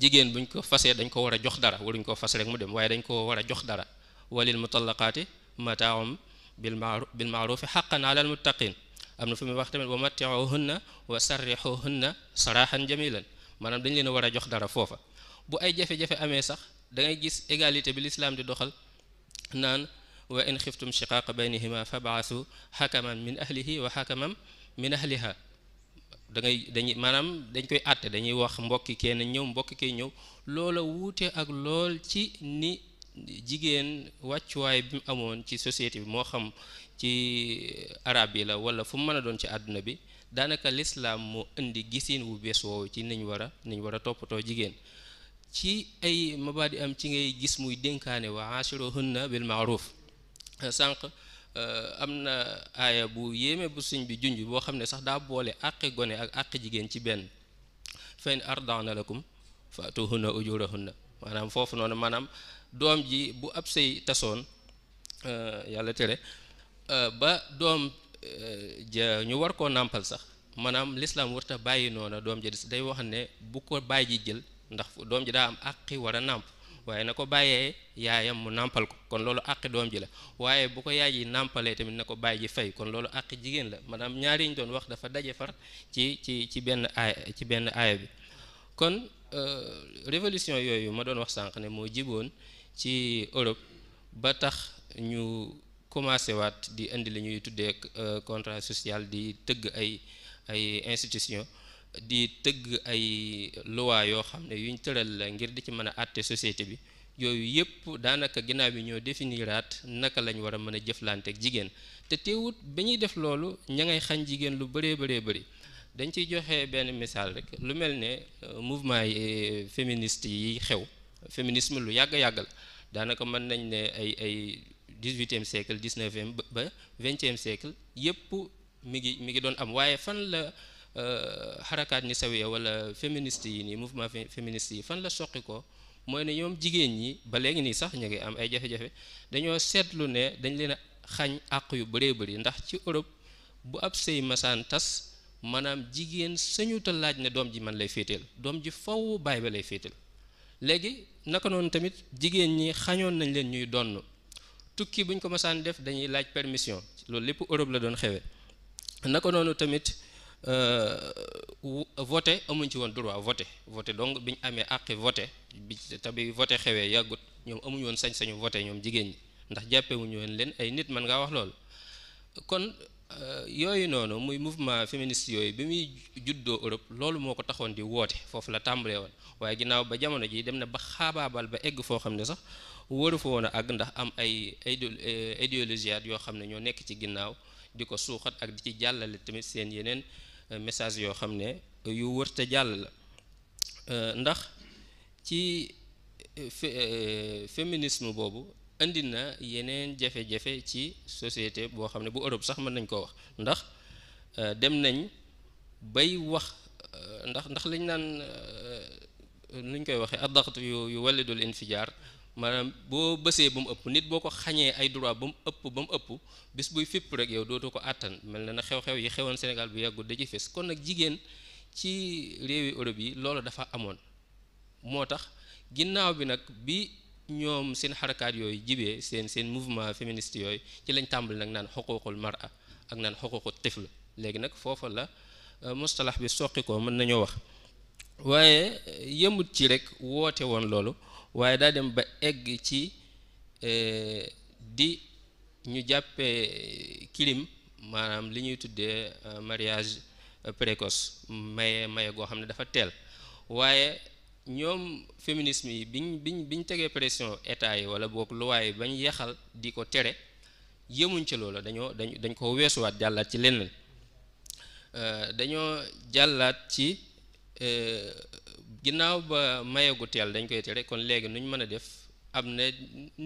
jigéen buñ ko fasee dañ ko war a jox dara waruñ ko fase rek mu dem waaye dañ ko war a jox dara walil mutallaqaati mataa'um bil ma'rufi haqqan alal muttaqin am na fu muy wax tamit wa matti'uhunna wa sarrihuhunna sarahan jamilan maanaam dañ leen a war a jox dara foofa bu ay jafe-jafe amee sax da ngay gis égalité bi lislaam di doxal naan wa in xiftum shiqaaqa baynihima fab'athu xakaman min ahlihi wa xakaman min ahliha da dañuy maanaam dañ koy àtte dañuy wax mbokki kenn ñëw mbokki kee ñëw loola wuute ak lool ci ni jigéen wàccuwaay bi amoon ci société bi moo xam ci arab yi la wala fu mën a doon ci àdduna bi daanaka lislaam moo indi gisin wu bees woowu ci niñ war a niñ war a toppatoo jigéen ci ay mabaadi am ci ngay gis muy dénkaane wa ashiruhunna bil ma'ruf sànq euh, am na aaya bu yéeme bu suñ bi junj boo xam ne sax daa boole àqi gone ak àqi jigéen ci benn fa in arda'na lakum fatuhunna ujurahunna maanaam foofu noonu maanaam doom ji bu ab sëy tasoon euh, yàlla tere Euh, ba doom euh, ja ñu war koo nàmpal sax maanaam lislaam warta bàyyi noona doom ja day wax ne bu ko bàyyi ji jël ndax doom ji daa am àqi war a nàmp waaye na ko bàyyee yaayam mu nàmpal ko kon loolu àqi doom ji la waaye bu ko yaay ji nàmpalee tamit na ko bàyyi ji fay kon loolu àqi jigéen la maanaam ñaari ñu doon wax dafa daje far ci ci ci benn aaya ci benn aaya bi kon euh, révolution yooyu ma doon wax sànq ne moo jiboon ci Europe ba tax ñu commencé waat di indi li ñuy tuddee euh, contrat sociale di tëgg ay ay institution di tëgg ay luwaay yoo xam ne yuñ tëral la ngir di ci mën a àtte societé bi yooyu yëpp daanaka ginnaaw bi ñoo définiraat naka lañ war a mën a jëflanteeg jigéen te teewut ba ñuy def loolu ña ngay xañ jigéen lu bëree bëree bëri dañ ciy joxe benn misaal rek lu mel ne euh, mouvement yi euh, féministe yi xew féminisme lu yàgg-yàgg la daanaka mën nañ ne ay ay dix-huitième siècle dix-neuvième ba vingtième siècle yëpp mu ngi mi ngi doon am waaye fan la xarakaat euh, ni sawiya wala féministe yi nii mouvement féministe yi fan la soqi ko mooy ne ñoom jigéen ñi ba léegi nii sax ñu ngi am ay jafe-jafe dañoo seetlu ne dañ leen a xañ àq yu bëree bëri ndax ci Europe bu ab sëy masaan tas maanaam jigéen sañuta laaj ne doom ji man lay féeteel doom ji faw baay ba lay féeteel léegi naka noonu tamit jigéen ñi xañoon nañ leen ñuy donn tukki bu ñu ko mosaan def dañuy laaj permission loolu lépp Europe la doon xewee naka noonu tamit euh, voté amuñ ci woon droit voté voté donc bi ñu amee àqi voté bi tabi voté xewee yàggut ñoom amuñ woon sañ-sañu voté ñoom jigéen ñi ndax jàppewuñu woon leen ay nit man ngaa wax loolu kon euh, yooyu noonu muy mouvement féministe yooyu bi muy juddoo Europe loolu moo ko taxoon di woote foofu la tàmbalee woon waaye ginnaaw ba jamono ji dem na ba xaabaabal ba egg foo xam ne sax waru fa woon a àgg ndax am ay eh, idéologie yoo xam ne ñoo nekk ci ginnaaw di ko suuxat ak di ci jàllale tamit seen yeneen eh, message yoo xam ne eh, yu wërta jàll la ndax ci féminisme boobu indi na yeneen jafe-jafe ci société boo xam ne bu Europe sax mën nañ koo wax ndax dem nañ bay wax ndax ndax lañ naan nuñ koy waxee addaxt yu yu walidul infijaar maanaam boo bësee ba mu ëpp nit boo ko xañee ay droit ba mu ëpp ba mu ëpp bis buy fipp rek yow dootu ko àttan mel na na xew-xew yi xewoon Sénégal bu yàggul da ci fes kon nag jigéen ci réewi Europe yi loolu dafa amoon moo tax ginnaaw bi nag bi ñoom seen xarakaat yooyu jibee seen seen mouvement féministe yooyu ci lañ tàmbali nag naan xuquuqul mar'a ak naan xuquuqu tifl léegi nag foofa la euh, mustalax bi soqi ko mën nañoo wax waaye yëmut ci rek woote woon loolu waaye daa dem ba egg ci eh, di ñu jàppee eh, kilim maanaam li ñuy tuddee eh, mariage précoce maye maye goo xam ne dafa teel waaye ñoom féminisme yi biñ biñ biñ tegee pression état yi wala boog luwaay bañ yaxal di ko tere yëmuñ ci loola dañoo dañ dañ ko weesuwaat jàllaat ci leneen dañoo jàllaat ci ginnaaw ba mayagut yàlla dañ koy tere kon léegi nuñ mën a def am na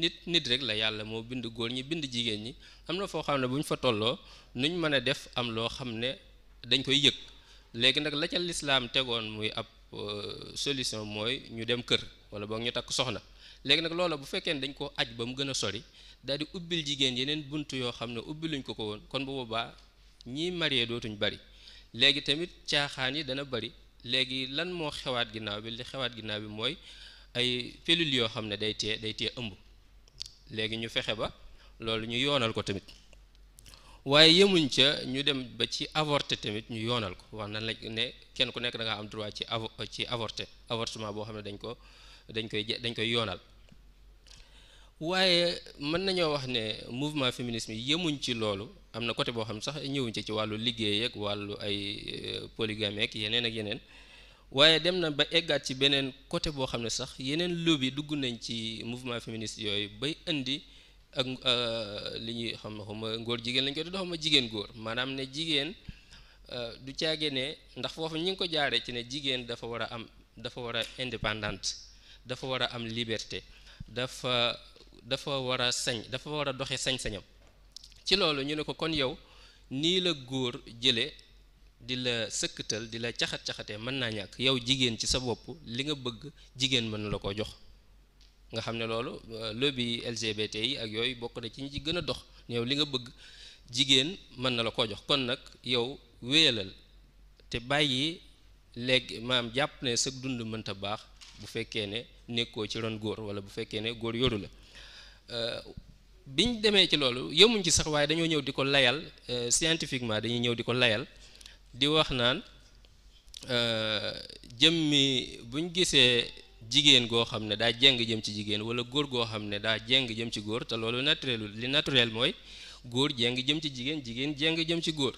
nit nit rek la yàlla moo bind góor ñi bind jigéen ñi am na foo xam ne bu ñu fa tolloo nuñ mën a def am loo xam ne dañ koy yëg léegi nag la ca lislaam tegoon muy ab euh, solution mooy ñu dem kër wala boog ñu takk soxna léegi nag loola bu fekkee ne dañ koo aj ba mu gën a sori daal di ubbil jigéen yeneen bunt yoo xam ne ubbiluñ ko ko woon kon bu boobaa ñii marié dootuñ bari léegi tamit caaxaan yi dana bari léegi lan moo xewaat ginnaaw bi li xewaat ginnaaw bi mooy ay pilules yoo xam ne day tee day téye ëmb léegi ñu fexe ba loolu ñu yoonal ko tamit waaye yëmuñ ca ñu dem ba ci avorté tamit ñu yoonal ko wax na la ne kenn ku nekk da nga am droit ci avo ci avorté avortement boo xam ne dañ ko dañ koy dañ koy yoonal waaye mën nañoo wax ne mouvement féminisme yemuñ ci loolu am na côté boo xam ne sax ñëwuñ ci ci wàllu liggéey ak wàllu ay euh, polygamie ak yeneen ak yeneen waaye dem na ba eggaat ci beneen côté boo xam ne sax yeneen lobby dugg nañ ci mouvement féministe yooyu bay indi ak euh, li ñuy xam xuma ngóor jigéen lañ ko dox ma jigéen góor maanaam ne jigéen euh, du caage ne ndax foofu ñi ngi ko jaaree ci ne jigéen dafa war a am dafa war a indépendante dafa war a am liberté dafa dafa war a sañ dafa war a doxe sañ-sañam ci loolu ñu ne ko kon yow nii la góor jële di la sëkkatal di la caxat caxate mën naa ñàkk yow jigéen ci sa bopp li nga bëgg jigéen mën na la ko jox nga xam ne loolu euh, lobby LGBT yi ak yooyu bokk na ci ñi ci gën a dox yow li nga bëgg jigéen mën na la ko jox kon nag yow wéyalal te bàyyi léegi maam jàpp ne sa dund mënta baax bu fekkee ne nekkoo ci ron góor wala bu fekkee ne góor yoru la euh, biñ demee ci loolu yemuñ ci sax waaye dañoo ñëw di ko layal euh, scientifiquement dañuy ñëw di ko layal di wax naan euh, jëmmi buñ gisee jigéen goo xam ne daa jeng jëm ci jigéen wala góor goo xam ne daa jeng jëm ci góor te loolu naturelu li naturel mooy góor jeng jëm ci jigéen jigéen jeng jëm ci góor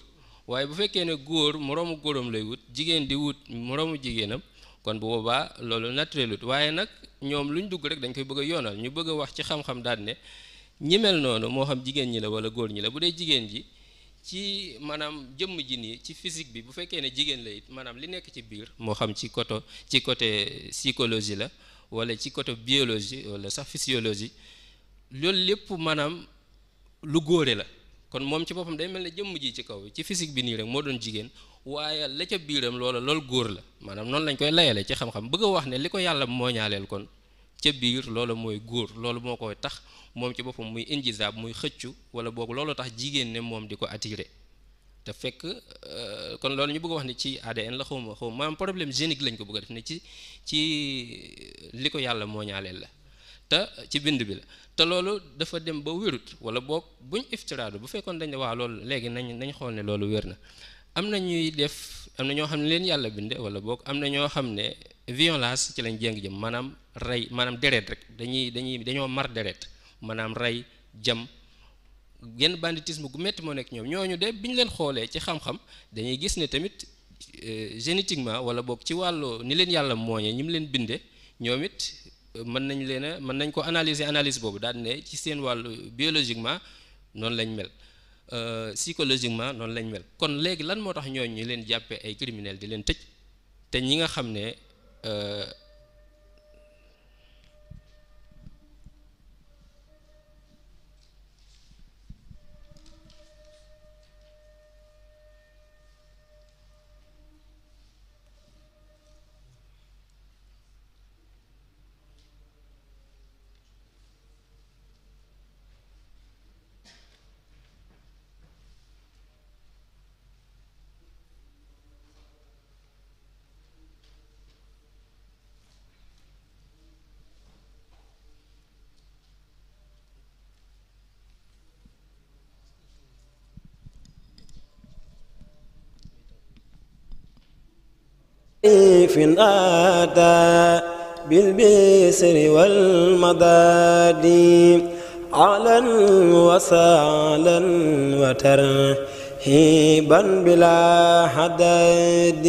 waaye bu fekkee ne góor moroomu góoram lay wut jigéen di wut moroomu jigéenam kon bu boobaa loolu naturel wut waaye nag ñoom lu ñu dugg rek dañ koy bëgg a yoonal ñu bëgg a wax ci xam-xam ne ñi mel noonu moo xam jigéen ñi la wala góor ñi la bu dee jigéen ji ci maanaam jëmm ji nii ci physique bi bu fekkee ne jigéen la it maanaam li nekk ci biir moo xam ci côté ci côté psychologie la wala ci côté biologie wala sax physiologie loolu lépp maanaam lu góore la kon moom ci boppam day mel ne jëmm ji ci kaw ci physique bi nii rek moo doon jigéen waaye la ca biiram loolu lool góor la maanaam noonu lañ koy layale ci xam-xam bëgg a wax ne li ko yàlla moo ñaaleel kon ca biir loolu mooy góor loolu moo koy tax moom ci boppam muy injizaab muy xëccu wala boog loolu tax jigéen ne moom di ko attiré te fekk euh, kon loolu ñu bëgg wax ne ci ADN la xaw ma xaw ma maanaam problème génique lañ ko bëgg a def ne ci ci li ko yàlla moo la te ci bind bi la te loolu dafa dem ba wérut wala boog buñ iftiraadu bu fekkoon dañ ne waa loolu léegi nañ nañ xool ne loolu wér na am na ñuy def am na ñoo xam ne leen yàlla binde wala boog am na ñoo xam ne violence ci lañ jéng jëm maanaam ray maanaam deret rek dañuy dañuy dañoo mar deret maanaam ray jëm genn banditisme gu métti moo nekk ñoom ñooñu de bi ñu leen xoolee ci xam-xam dañuy gis ne tamit euh, génétiquement wala boog ci wàllu ni leen yàlla mooñee ñi mu leen bindee ñoom it euh, mën nañ leen mën nañ ko analyser analyse boobu daal ne ci seen wàllu biologiquement noonu lañ mel euh, psychologiquement noonu lañ mel kon léegi lan moo tax ñooñu ñu leen jàppee ay criminels di leen tëj euh, ضيف أتى بالبسر والمداد علا وسعلا وترهيبا بلا حداد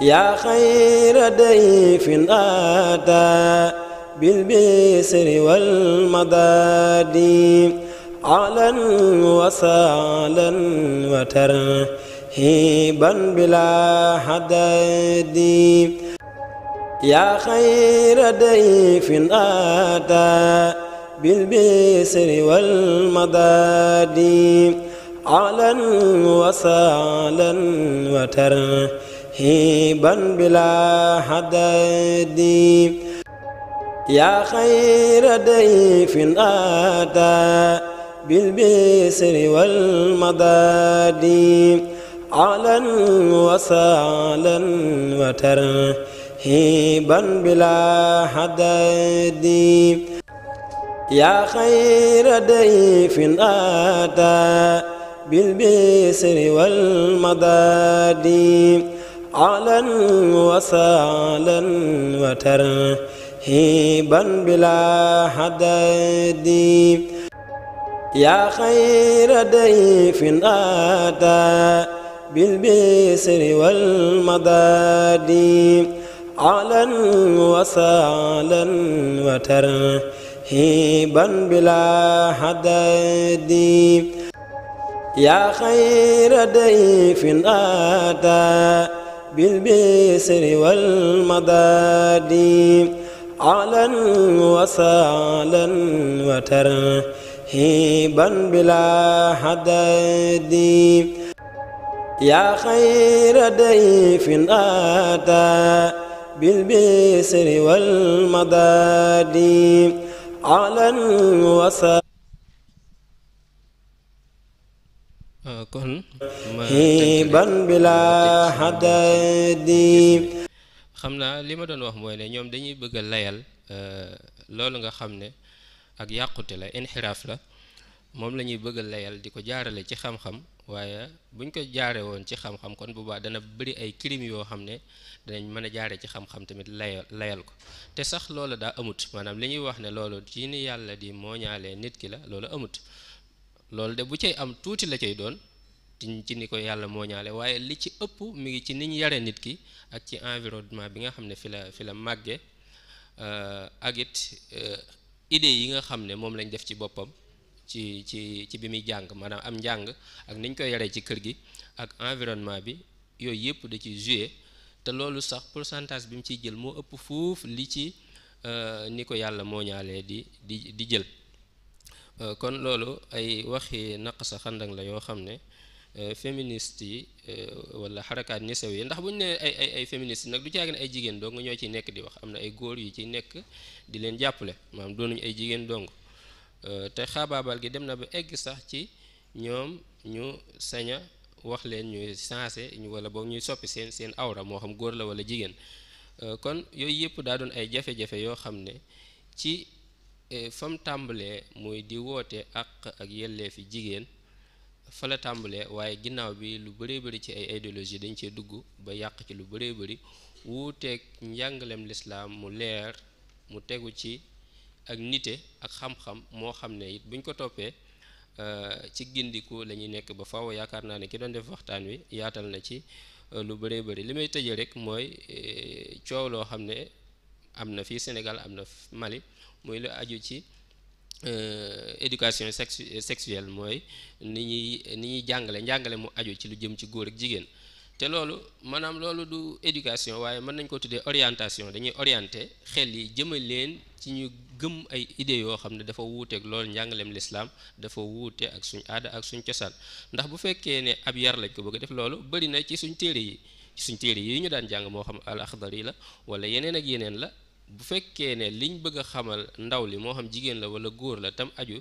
yaa xayra dayfin aataa bil bisri wal madaadi ahlan wa sahlan wa tarhiiban bilaa hadadi yaa xayra dayfin aataa bil bisri wal madaadi ahlan wa sahlan wa tarhiiban هيبا بلا حدد يا خير ضيف أتى بالبسر والمداد أهلا وسهلا وترحيبا بلا حدد يا خير ضيف أتى بالبسر والمداد ahlan wa sahlan wa tarhiban bila hadadi yaa xayra dayfin aataa bil bisri wal madaadi ahlan wa sahlan wa tarhiban bila hadadi yaa xayra dayfin aataa بالبسر والمداد أعلا وسهلا وترهيبا بلا حداد يا خير ضيف أتى بالبسر والمداد أعلا وسهلا kon ban bi la xadadi xam naa li ma doon wax mooy ne ñoom dañuy bëgg a layal euh, loolu nga xam ne ak yàqute la inxiraaf la moom la ñuy bëgg layal di ko jaarale ci xam-xam waaye buñ ko jaare woon ci xam kon bu baax dana bëri ay crime yoo xam ne danañ mën a jaare ci xam-xam tamit layal layal ko te sax loolu daa amut maanaam li ñuy wax ne loolu ci ni yàlla di mooñaalee nit ki la loolu amut loolu de bu cay am tuuti la cay doon ci ni ko yàlla moo ñaale waaye li ci ëpp mu ngi ci ñu yare nit ki ak ci environnement bi nga xam ne fi la fi la màgge euh, ak it euh, idée yi nga xam ne moom lañ def ci boppam ci ci ci bi muy jàng maanaam am njàng ak niñ koy yaree ci kër gi ak environnement bi yooyu yëpp da ci jouer te loolu sax pourcentage bi mu ciy jël moo ëpp fuuf li ci euh, ni ko yàlla moo ñaalee di di di jël kon loolu ay waxi naqsa xandang la yoo xam ne Euh, féministes yi euh, wala xarakaat nisew yi ndax bu ne ay ay ay nag du caagi ne ay jigéen dong ñoo ci nekk di wax am na ay góor yu ciy nekk di leen jàppale maam maanaam doonuñu ay jigéen dong euh, te xaabaabal gi dem na ba egg sax ci ñoom ñu saña wax leen ñuy sensé ñu wala boog ñuy soppi seen seen awra moo xam góor la wala jigéen kon yooyu yëpp daa doon ay jafe-jafe yoo xam ne ci fam tàmbalee muy di woote àq ak yelleefi jigéen fala la tàmbalee waaye ginnaaw bi lu baree bari ci ay idéologie dañ cee dugg ba yàq ci lu baree bëri wuuteeg njàngalem lislaam mu leer mu tegu ci ak nite ak xam-xam moo xam ne it buñ ko toppee euh, ci gindiku la ñuy nekk ba faw yaakaar naa ne ki doon def waxtaan wi yaatal na ci euh, lu bëree bari li may tëjee rek mooy euh, coow loo xam ne am na fii Sénégal am na Mali muy lu aju ci Euh, éducation sexu euh, sexuelle mooy ni ñuy ni ñuy jàngale njàngale mu aju ci lu jëm ci góor ak jigéen te loolu maanaam loolu du éducation waaye mën nañ koo tuddee orientation dañuy orienté xel yi jëmal leen ci ñu gëm ay idées yoo xam ne dafa wuuteeg loolu njàngaleem lislaam dafa wuute ak suñ aada ak suñ cosaan ndax bu fekkee ne ab yar lañ ko bëgg def loolu bari na ci suñ téere yi suñ téere yi ñu daan jàng moo xam al axdari la wala yeneen ak yeneen la bu fekkee ne liñ bëgg a xamal ndaw li moo xam jigéen la wala góor la tam aju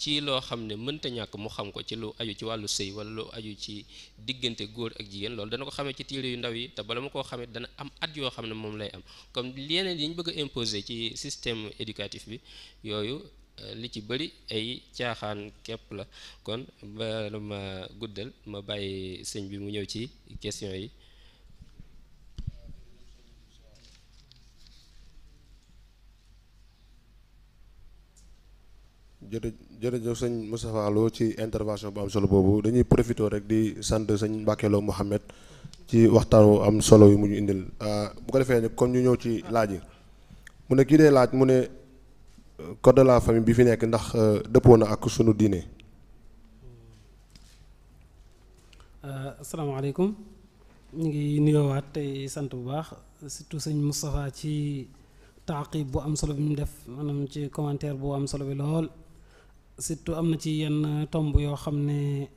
ci loo xam ne mënta ñàkk mu xam ko ci lu aju ci wàllu sëy wala lu aju ci diggante góor ak jigéen loolu dana ko xamee ci téere yu ndaw yi te bala ma koo xamee dana am at yoo xam ne moom lay am comme yeneen yi ñu bëgg a ci système éducatif bi yooyu euh, li ci bëri ay caaxaan képp la kon bala ma guddal ma bàyyi sëñ bi mu ñëw ci question yi jërë jërëjëf sëñ Moustapha Lo ci intervention bu am solo boobu dañuy profité rek di sant sëñ Mbacke Lo Mouhamed ci waxtaanu am solo yu mu ñu indil ah, bu ko defee kon ñu ñëw ci laaj yi mu ne kii dee laaj mu ne euh, code la famille bi fi nekk ndax euh, dëppoo na ak sunu diine. Euh, asalaamaaleykum ñu ngi nuyoowaat tey sant bu baax surtout sëñ Moustapha ci taaqib bu am solo bi mu def maanaam ci commentaire boo am solo bi lool. surtout am na ci yenn tomb yoo xam ne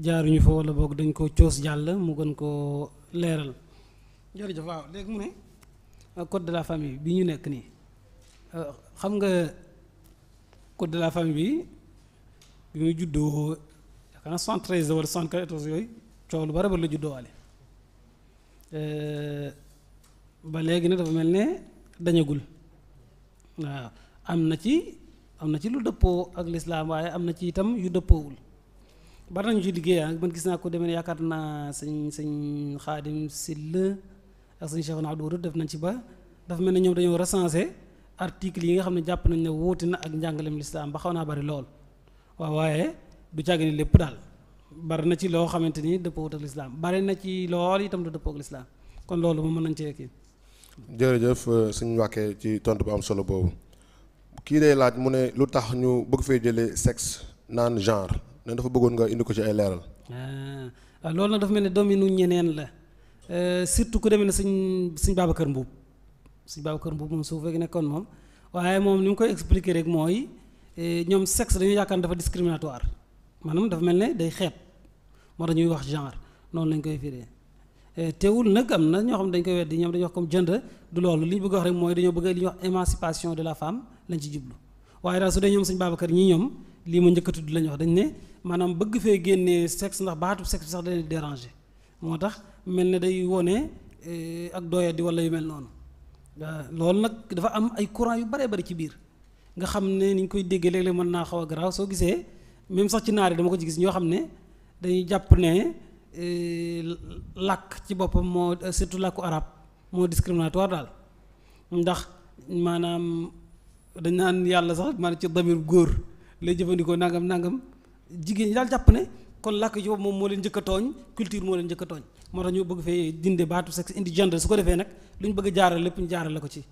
jaaruñu fa wala boog dañ koo coos jàll mu gën koo leeral jërëjëf waaw léegi mu ne code de la famille bi ñu nekk nii euh, xam nga code de la famille bi bi muy juddoo yaakaar naa soixante treize wala soixante quatorze yooyu coow lu bari bari la juddoo waale euh, ba léegi nag dafa mel ne dañagul waaw am na ci am na ci lu dëppoo ak lislaam waaye am na ci itam yu dëppoowul bari nañu ci liggéey ak ah, man gis naa ko demee yaakaar naa sëñ sëñ xaadim sil ak sëñ Cheikh Abdou Wadoud def nañ ci ba dafa mel ne ñoom dañoo recensé article yi nga xam ne jàpp nañ ne wuute na ak njàngalem lislaam ba xaw naa bari lool waaw waaye du càgg ni lépp daal bari na ci loo xamante ni dëppoowut ak lislaam bari na ci lool itam lu dëppoo ak lislaam kon loolu moom mën nañ cee kii jërëjëf sëñ ci tontu bu am solo boobu kii day laaj mu ne lu tax ñu bëgg fee jëlee sexe naan genre ne dafa bëggoon nga indi ko ci ay leeral. waaw ah, ah, loolu nag dafa mel ne doomi nu ñeneen la euh, surtout ku demee ne sëñ sëñ Babacar Mbuub sëñ kër Mbuub moom suuf rek nekkoon moom waaye moom ni mu koy expliquer rek mooy euh, ñoom sexe dañu yaakaar dafa discriminatoire maanaam dafa mel ne day xeet moo tax ñuy wax genre noonu lañ koy firee euh, teewul nag am na ñoo xam ne dañ koy weddi ñoom dañuy wax comme gender du loolu li ñu bëgg wax rek mooy dañoo bëgg li ñuy wax émancipation de la femme lañ ci jublu waaye daal su dee ñoom sëñ Babacar ñi ñoom lii ma njëkk a tudd lañ wax dañ ne maanaam bëgg fee génnee sexe ndax baatu sexe sax dañuy déranger moo tax mel ne day wone eh, ak dooya di wala yu mel noonu loolu nag dafa am ay courant yu bare bari ci biir nga xam ne ni ñu koy déggee léeg-léeg mën naa xaw a garaaw soo gisee même sax ci naar yi dama ko ci gis ñoo xam ne dañuy jàpp ne eh, làkk ci boppam moo eh, surtout làkku arab moo discriminatoire daal ndax maanaam dañ naan yàlla sax maanaam ci damir góor lay jëfandikoo nangam nangam jigéen ñi daal jàpp ne kon làkk ci boobu moom moo leen tooñ culture moo leen njëkk moo tax ñu baatu sexe indi su ko defee nag lu ñu bëgg jaarale lépp ñu jaarale ko ci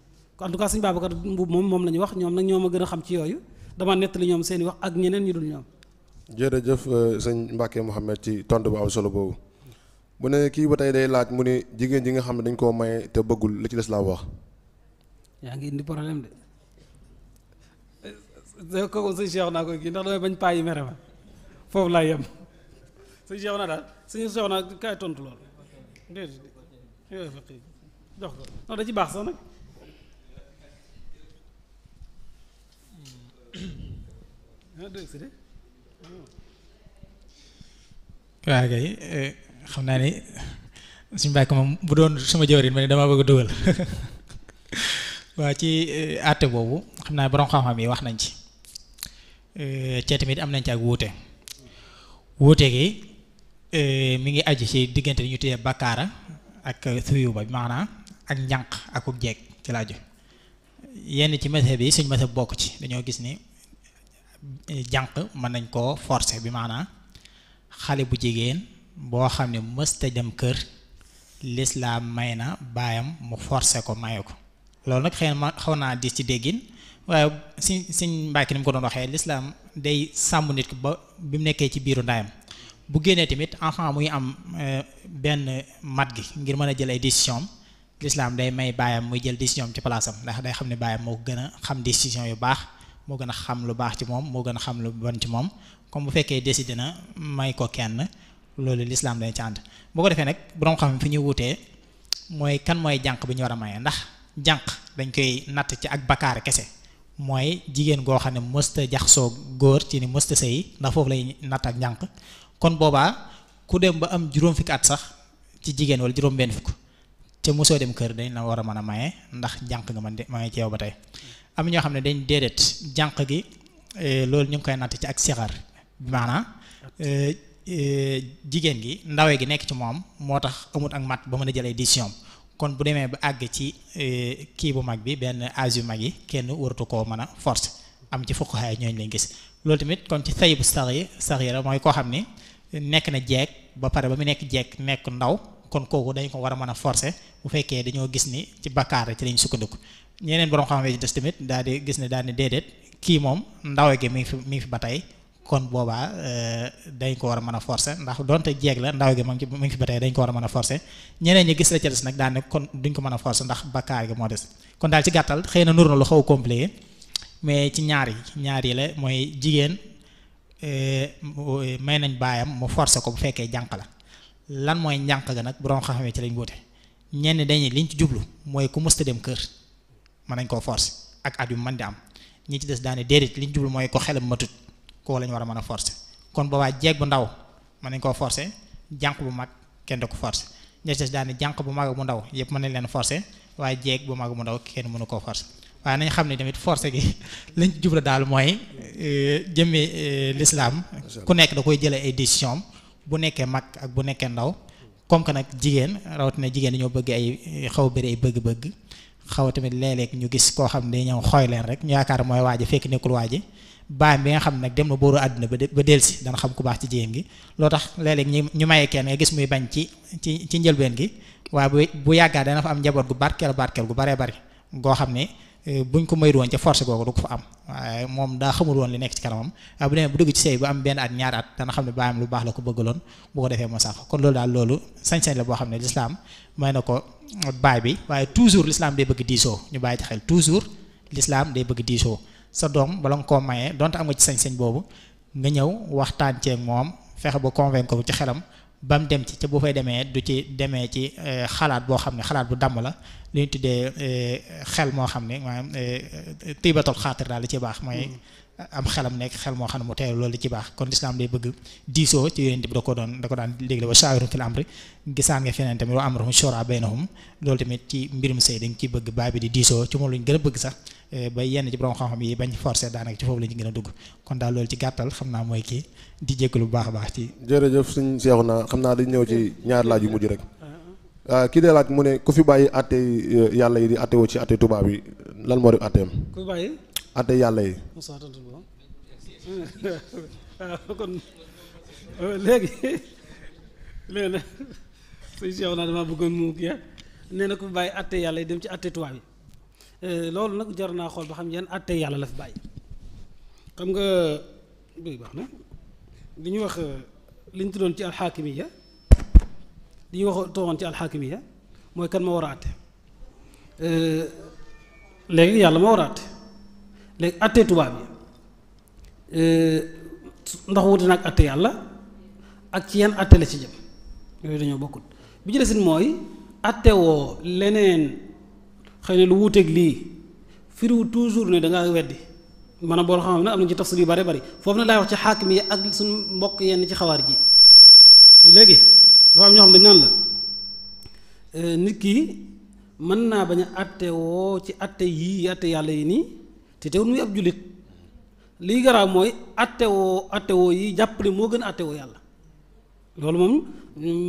en tout cas suñu Babacar Mbuub moom moom la ñu wax ñoom nag ñoo ma gën a xam ci yooyu dama nettali ñoom seen i wax ak ñeneen ñu dul ñoom jërëjëf eh, sëñ Mbacke Mouhamed ci tontu bu am solo boobu bu ne kii ba tey day laaj mu ni jigéen ji nga xam ne dañ koo may te bëggul li ci des laa wax. yaa ngi indi problème de. Eh, eh, kooku sëñ Cheikh naa koy kii ndax damay bañ paa yi mere ma foofu laa yem sëñ Cheikh naa daal sëñ Cheikh naa kaay tontu lool déedéet jox ko non da ci baax sax xam naa ni suñ mbàkk moom bu doon sama jawrin ma ne damaa bëgg a dugal waaw ci eh, àtte boobu xam naa borom xam-xam yi wax nañ ci eh, cee tamit am nañ ci ak wuute wuute gi eh, mi ngi aju ci diggante li ñu tuddee bakkaara ak suyuba bi maanaam ak njànq ak ub jeeg ci la aju yenn ci mazhab bi suñu mazhab bokk ci dañoo gis ni jànq mën nañ koo forcer bi maanaam xale bu jigéen boo xam ne mësta dem kër lislaam may na baayam mu forcé ko maye ko loolu nag xëy ma xaw naa di ci déggin waaye siñ siñ Mbàkke ni mu ko doon waxee lislaam day sàmm nit ko ba bi mu nekkee ci biiru ndaayam bu génnee tamit enfant muy am euh, benn mat gi ngir mën a jël ay décision day may baayam muy jël décision am ci palaasam ndax day xam ne baayam moo gën a xam décision yu baax moo gën a xam lu baax ci moom moo gën a xam lu bon ci moom comme bu fekkee décidé na may ko kenn loolu lislaam dañ ci ànd bu ko defee nag boroom xam fi ñu wutee mooy kan mooy jànq bi ñu war a maye ndax jànq dañ koy natt ci ak bakkaar kese mooy jigéen goo xam ne mësta soog góor ci ni mësta sëy ndax foofu lay natt ak jànq kon boobaa ku dem ba am juróom fukki sax ci jigéen wala juróom fukk te mosoo dem kër dañ la war a mën a maye ndax jànq nga man de maye ci yow ba tey am ñoo xam ne dañ déedéet jànq gi eh, loolu ñu ngi koy natt ci ak sixar bi eh, Eh, jigéen gi ndawe gi nekk ci moom moo tax amut ak mat ba mën a jëlee décision kon bu demee ba àgg ci eh, kii bu mag bi benn âge yu mag yi kenn waratu koo mën a force am ci fuqahaay ñooñ lañ gis loolu tamit kon ci sayib saxir saxira mooy koo xam ni nekk na jeeg ba pare ba mu nekk jeeg nekk ndaw kon kooku dañ ko war a mën a forcer bu fekkee dañoo gis ni ci bakkaar ci lañ sukkandiku ñeneen borom xam-xam yi des tamit daal di gis ne daal di déedéet kii moom ndawe gi mi ngi fi mi ba tey kon boobaa euh, dañ ko war a mën a forcer ndax donte jeeg la ndaw gi moom ci mu ngi fi ba tey dañ ko war a mën a forcer ñeneen ñi gis la ca des nag daane kon duñ ko mën a forcer ndax bakkaar gi moo mais ci ñaar yi la mooy jigéen euh, may nañ baayam mu forcer ko bu fekkee jànq la lan mooy njànq ga nag borom xam-xam ci lañ wute ñenn dañuy liñ ci jublu mooy ku mësta dem kër mën nañ koo forcer ak at yu mën di am ñi ci des daane déedéet liñ jublu mooy ko xelam matut koo la ñu war a mën a forcer kon boobaa jeeg bu ndaw mën nañ koo forcer jànq bu mag kenn du ko forcer ña des daal ne jànq bu mag bu ndaw yëpp mën nañ leen forcer waaye jeeg bu mag bu ndaw kenn mënu koo forcer waaye nañ xam euh, euh, da koy jëlee ay décision bu nekkee mag ak bu nekkee ndaw comme que nag jigéen rawatina jigéen dañoo bëgg ay xaw bëri ay bëgg-bëgg xaw tamit léeg ñu gis koo xam ne ñëw xooy leen rek ñu yaakaar mooy waaji fekk nekkul waaji baayam bi nga xam nag dem na booru àdduna ba de ba delsi dana xam ku baax ci jigéen gi loo tax léeg ñi ñu ñu maye kenn nga gis muy bañ ci ci ci njëlbeen gi waaye bu bu yàggaa dana fa am njaboot gu barkeel barkeel gu baree bari goo xam ne eh, buñ ko mayru woon ca force googu du ko fa am waaye moom daa xamul woon li nekk ci kanamam waaye bu demee bu dugg ci sëy bu am benn at ñaar at dana xam ne baayam lu baax la ko bëggaloon bu ko defee moo sax kon loolu daal loolu sañ-sañ boo xam ne lislaam may na ko baay bi waaye toujours lislaam day bëgg diisoo ñu bàyyi ci xel toujours lislaam day bëgg diisoo sa doom bala nga koo maye donte am nga ci sañ-sañ boobu nga ñëw waxtaan ceeg moom fexe ba convaincre ko ci xelam ba mu dem ci ca boo fay demee du ci demee ci euh, xalaat boo xam ne xalaat bu dàmm la li ñu tuddee euh, xel moo xam ne maanaam euh, mm. am xelam nekk xel moo xam ne mu teew loolu ci baax kon lislaam day bëgg diisoo ci yonent bi da ko doon da ko daan léegi wa shaawirum fil amri gisaan nga feneen tamit wa amruhum shuuraa baynahum loolu tamit ci mbirum sëy dañ ciy bëgg baay bi di diisoo ci moom lu ñu gën a bëgg sax Eh, ba yenn ci borom xam-xam yi bañ forcé daanaka ci foofu la ñu gën a dugg kon daal loolu ci gàttal xam naa mooy kii di jégalu bu baax a baax ci. jërëjëf suñ seexu naa xam naa dañ ñëw ci ñaar laaj yu mujj rek ah, kii dee laaj mu ne ku fi bàyyi atte eh, yàlla yi di atte woo ci atte tubaab yi lan moo di atteem. ku bàyyi. nag suñ seexu bàyyi atte yàlla yi dem ci atte tubaab yi. Eh, loolu nag jar naa xool ba xam yan àtte yàlla la fi bàyyi xam nga bi baax na li ñu wax eh, li ñu tuddoon ci alxaakimiya li ñu wax toogoon ci alxaakimiya mooy kan ma war a àtte eh, léegi yàlla ma war a àtte léegi àtte tubaab yi ndax wuute na ak àtte yàlla ak ci yan àtte la ci jëm yooyu dañoo bokkut bi ci desit mooy àtte leneen xëy na lu wuuteeg lii firiwul toujours ne da ngaa weddi maanaam boo xam ne am nañ ci tafsir yu bare bari foofu nag laay wax ci xaakim yi ak suñ mbokk yenn ci xawaar ji léegi dafa am ñoo xam dañ naan la e, nit ki mën naa bañ a woo ci àtte yii àtte yàlla yi nii te teewul muy ab jullit lii garaaw mooy àtte woo àtte woo yi jàpp ne moo gën a woo yàlla loolu moom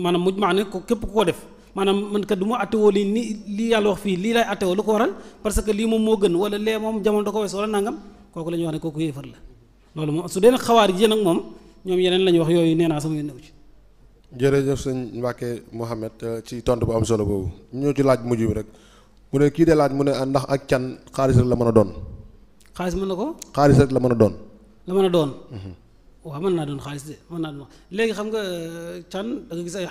maanaam mujj maa ne képp ku ko def maanaam man kat du ma attewoo lii ni lii yàlla wax fii lii laay attewoo lu ko waral parce que lii moom moo gën wala lee moom jamono da ko wees wala nangam kooku la ñuy wax ne kooku yéefar la loolu moom su dee nag xawaar ji nag moom ñoom yeneen la ñuy wax yooyu nee naa sama yéen ci jërëjëf sëñ Mbacke Mouhamed euh, ci tontu bu am solo boobu ñu ñëw ci laaj mujj bi rek mu ne kii de laaj mu ne ah, ndax ak can xaalis rek la mën a doon xaalis mën na ko xaalis rek la mën a doon la mën a doon mhm. waaw mën naa doon xaalis de mën naa léegi xam nga euh, can da nga gis ay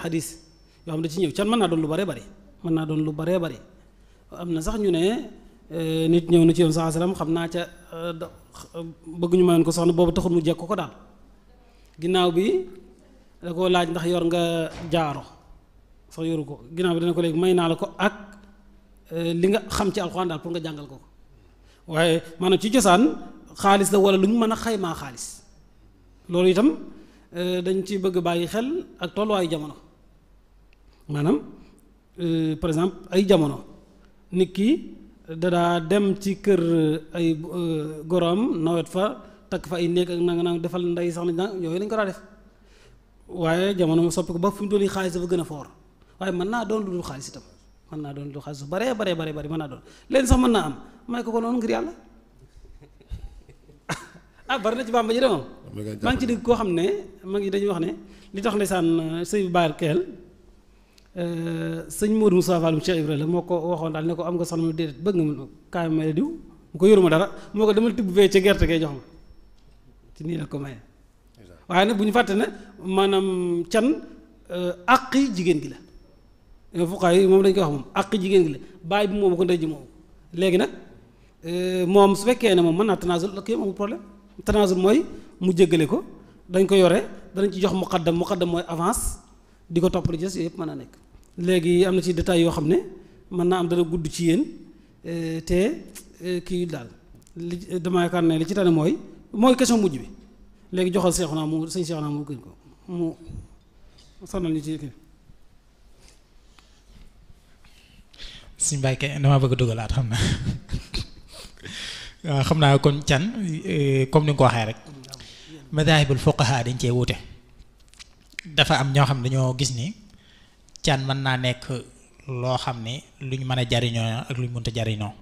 yoo xam ne ci ñëw can mën naa doon lu bare bari mën naa doon lu baree bari am na sax ñu ne eh, nit ñëw na ci yoon saa salaam xam naa ca eh, bëgg ñu mayoon ko soxna boobu taxul mu jekk ko daal ginnaaw bi da koo laaj ndax yor nga jaaro sax yoru ko ginnaaw bi dana ko léegi may naa la ko ak eh, li nga xam ci alxuraan daal pour nga jàngal ko ko waaye maanaam ci cosaan xaalis la wala lu ñu mën a xaymaa xaalis loolu itam dañ ci bëgg bàyyi xel ak tolluwaayu jamono maanaam euh, par exemple ay jamono nit ki dadaa dem ci kër euh, ay euh, goroom nawet fa takk fa ay néeg ak nanga nanga defal ndey sax na yooyu lañ ko daa def waaye jamono mu soppi ko ba fu mu doon xaalis dafa gën a foor waaye mën naa doon lu dul xaalis itam mën naa doon lu dul xaalis su baree baree baree bari mën naa doon leen sax mën naa am may ko ko noonu ngir yàlla ah bari na ci bàmba ji de moom maa ci dégg koo xam ne mag yi dañuy wax ne li tax ndeysaan sëy bi baal Euh, sëñ Modou Moussa Fall mu Cheikh Ibrahima moo ko waxoon daal ne ko am nga soxla mu déedéet bëgg nga mu kaay ma diw mu ko yoruma dara moo ko demal tibb fee ci gerte gee jox ma ci nii la ko maye. waaye nag bu ñu fàtte ne maanaam can euh, àqi jigéen gi la. Euh, fuqaa yi moom dañ koy wax moom àq jigéen gi la bàyyi bi moom ko ndey ji moom léegi nag moom su fekkee ne moom mën naa tanaasul ak yéen amul problème tanaasul mooy mu jéggale ko dañ ko yore danañ ci jox muqaddam muqaddam mooy avance di ko toppali jës yooyu yëpp mën a nekk léegi am na ci détails yoo xam ne mën naa am dana gudd ci yéen eh, te eh, kii daal li dama ne li ci tane mooy mooy question mujj bi léegi joxal Seexuna mu sëñ Seexuna mu gën ko mu sonal ñu ci kii. bëgg dugalaat xam naa waaw xam naa kon can eh, comme ni nga ko waxee rek madaahibul fuqaha dañ cee wuute dafa am ñoo xam dañoo gis nii can mën naa nekk loo xam ne luñ mën a jariñoo ak luñ mënta jariñoo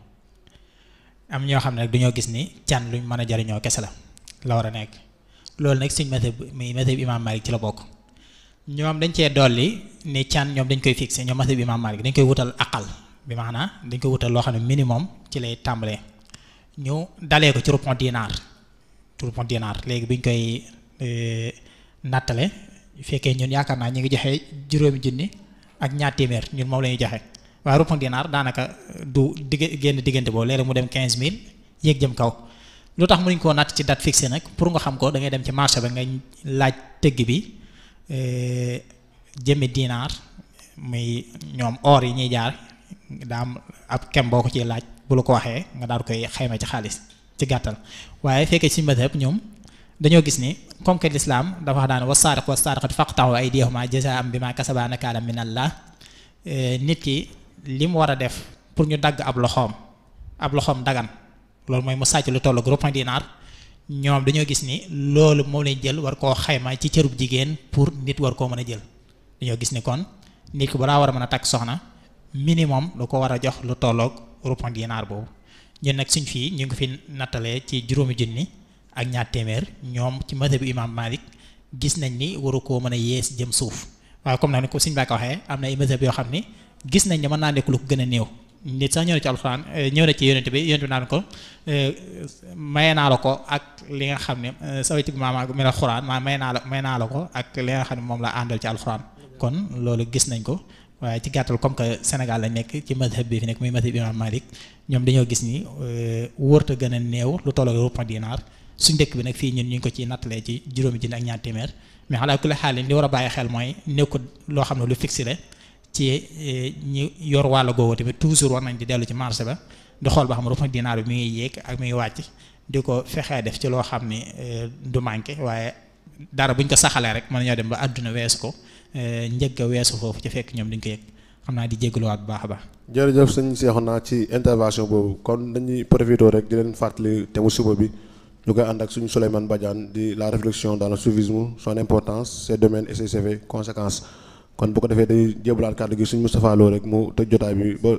am ñoo xam ne nag dañoo gis ni can luñ mën a jariñoo kese la la war a nekk loolu nag suñ méthode mi méthode bi imaam Malik ci la bokk ñoom dañ cee dolli ne can ñoom dañ koy fixé ñoom méthode bi imaam Malik dañ koy wutal aqal bi maanaam dañ koy wutal loo xam ne minimum ci lay tàmbalee ñu dalee ko ci rupon dinaar ci rupon dinaar léegi biñ koy euh, nattale fekkee ñun yaakaar naa ñu ngi joxe juróomi junni ak ñaar téeméer ñun moom la ñuy joxe waaye rupp ak dinaar daanaka euh, du digg génn diggante boobu léeg mu dem 15000 yéeg jëm kaw lu tax mu mënuñ koo natt ci date fixée nag pour nga xam ko dangay dem ci marché ba nga laaj tëgg bi euh, jëmmi dinaar muy ñoom or yi ñuy jaar daam am ab kem boo ko ciy laaj bu la ko waxee nga daal koy xayma ci xaalis ci gàttal waaye fekkee suñu mbéy ñoom. dañoo gis ni comme que lislaam dafa wax daan wasaariq wasaariqatu faqta'u aydiyahuma jazaa'an bimaa kasabaa nakaalan min Allah eh, nit ki li mu war a def pour ñu dagg ab loxoom ab loxoom dagan loolu mooy mu sàcc lu tollu gros dinaar ñoom dañoo gis ni loolu moom lañ jël war koo xayma ci cërub jigéen pour nit war koo mën a jël dañoo gis ni kon nit ki balaa war a mën a takk soxna minimum lu ko war a jox lu tolloog rupan dinaar boobu ñun nag suñ fii ñu ngi fi nattalee ci juróomi junni ak ñaar téeméer ñoom ci madhabu imam Malik gis nañ ni waru koo mën a yees jëm suuf waaye comme nag ni ko suñu bàkk waxee am na ay madhab yoo xam ni gis nañ ne mën naa nekk ko gën a néew nit sax ci alxuraan eh, bi yonent bi naan ko eh, maye naa la ko ak li xam ne eh, saway tig maama mel alxuraan maa naa la maye ko ak moom la àndal ci alxuraan kon loolu gis nañ ko waaye ci gàttal nekk ci madhab bi fi nekk muy madhab imam Malik ñoom dañoo gis ni wërta gën a néew lu tollook ruppa dinaar suñ dëkk bi nag fii ñun ñu ngi ko ciy nattalee ci juróomi junni ak ñaar téeméer mais xalaa ku la xaalin war a bàyyi xel mooy nekkul loo xam ne lu fixé la ci eh, ñi yor wàll googu tamit toujours war nañ di dellu ci marché ba xool ba xam ne dinaar bi mi ngi yéeg ak mi ngi wàcc di ko fexee def ci loo xam ni eh, du manqué waaye dara buñ ko saxalee rek mën ñoo dem ba àdduna wees ko eh, njëgg a weesu foofu ci fekk ñoom duñ ko yëg xam naa di jégaluwaat bu baax a baax. jërëjëf sëñ Seexuna ci intervention boobu kon dañuy profité rek di leen fàttali te mu suba bi. ñu koy ànd ak suñu Souleymane Badiane di la réflexion dans le soufisme son importance ses domaines et ses conséquences kon bu ko defee dañuy jébalaat kàddu gi suñu Moustapha Lo rek mu te jotaay bi ba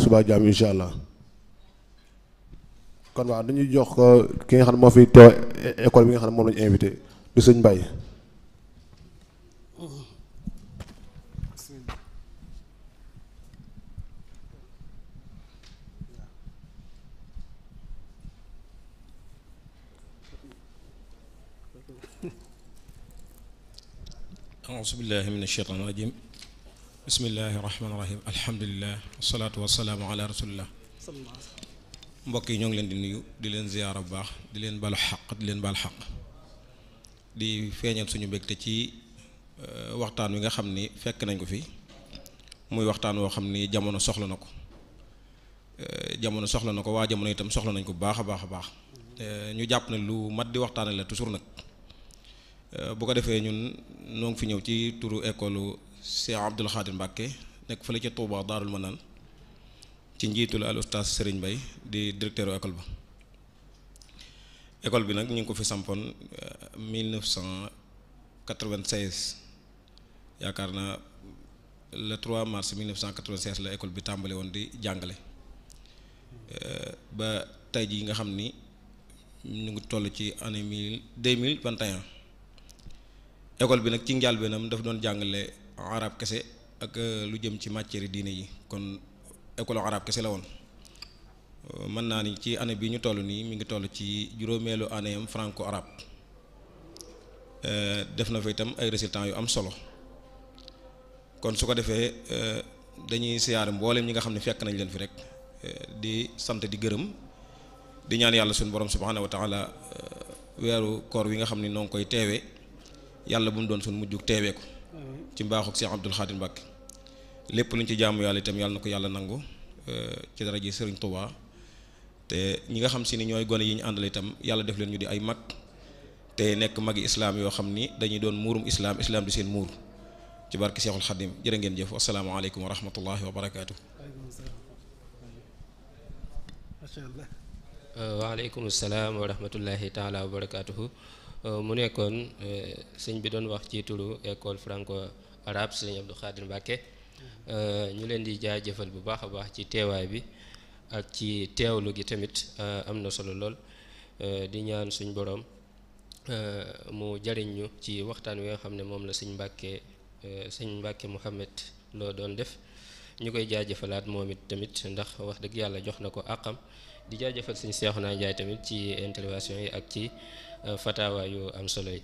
suba jaam incha allah kon waaw dañuy jox ki nga xam moo fi teew école bi nga xam ne moom lañu invité di suñ Mbaye auzu billahi min asheytaan rajim bismillahi rahmaani rahim alhamdulilah wasalaatu wasalaamu ala rasulillah mbokk yi ñoo ngi leen di nuyu di leen ziyaara bu baax di leen balu xaq di leen baal xaq di feeñal suñu mbégte ci euh, waxtaan wi nga xam ni fekk nañ ko fi muy waxtaan woo xam ni jamono soxla na ko euh, jamono soxla na ko waa jamono itam soxla nañ ko bu baax a baax a baax euh, ñu jàpp ne lu mat di waxtaane la toujours nag Euh, bu ko defee ñun noo ngi fi ñëw ci turu école Cheikh Abdoul Khadir Mbacke nekk fële ca Touba ma Manaan ci njiitul al oustaz Serigne Bay di directeur école ba école bi nag ñu ngi ko fi sampoon 1996 euh, yaakaar naa le 3 mars 1996 la école bi tàmbali woon di jàngale euh, ba tey ji nga xam ni ñu ngi toll ci année mille deux mille vingt école bi nag ci njàlbéenam dafa doon jàngale arab kese ak euh, lu jëm ci matière diine yi kon école arab kese la woon euh, mën naa ni ci année bi ñu toll nii mi ngi toll ci juróomeelu année am franco arabe euh, def na fa itam ay résultats yu am solo kon su ko defee dañuy siyaar mboolem ñi nga xam ne fekk nañ leen fi rek di sant di gërëm di ñaan yàlla suñu borom subhaanahu wa taala weeru koor wi nga xam ne noo koy teewee yàlla bu mu doon suñ mujjug teewee ko ci mbaaxug Cheikh Abdoul Khadim Mbacké lépp luñ ci jaamu yàlla itam yàlla na ko yàlla nangu eh, ci dara ji Sëriñ Tuubaa te ñi nga xam si ni ñooy gone yi ñu àndal itam yàlla def leen ñu di ay mag te nekk magi islaam yoo xam ni dañuy doon muurum islaam islaam di seen muur ci barke Cheikhul Khadim jërë ngeen jëf asalaamaaleykum wa rahmatullahi wa barakaatu. waaleykum salaam wa rahmatullahi Euh, mu nekkoon euh, sëñ bi doon wax ci turu école franco araab sëñ Abdou Khadir Mbacke euh, ñu leen di jaajëfal bu baax a baax ci teewaay bi ak ci teewlu gi tamit am na solo lool di ñaan suñ boroom mu jariñ ñu ci waxtaan wi nga xam ne moom la sëñ Mbacke sëñ Mbacke Mouhamed loo doon def ñu koy jaajëfalaat moom it tamit ndax wax dëgg yàlla jox na ko àqam di jaajëfal sëñ naa Njaay tamit ci intervention yi ak ci Euh, fatawa yu am solo yi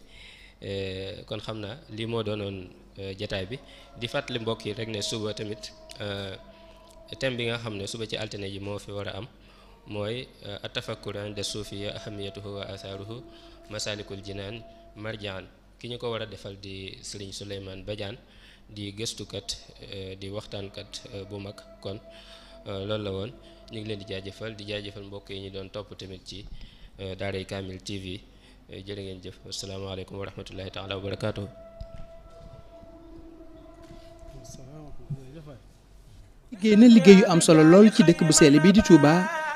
euh, kon xam naa lii moo doonoon euh, jataay bi di fàttali mbokk yi rek ne suba tamit thème bi nga xam ne suba ci altine ji moo fi war a am mooy atafakkur inda suufiya ahamiyatuhu wa athaaruhu masalikul jinaan marjaan ki ñu ko war a defal di Serigne Souleymane Badiane di gëstukat di waxtaankat bu mag kon loolu la woon ñu ngi leen di jaajëfal di jaajëfal mbokk yi ñu doon topp tamit ci Daaray Kamil TV Eh, jërë jëf asalaamaaleykum wa rahmatullahi taala wa liggéey na liggéey yu am solo lool ci dëkk bu sell bi di Touba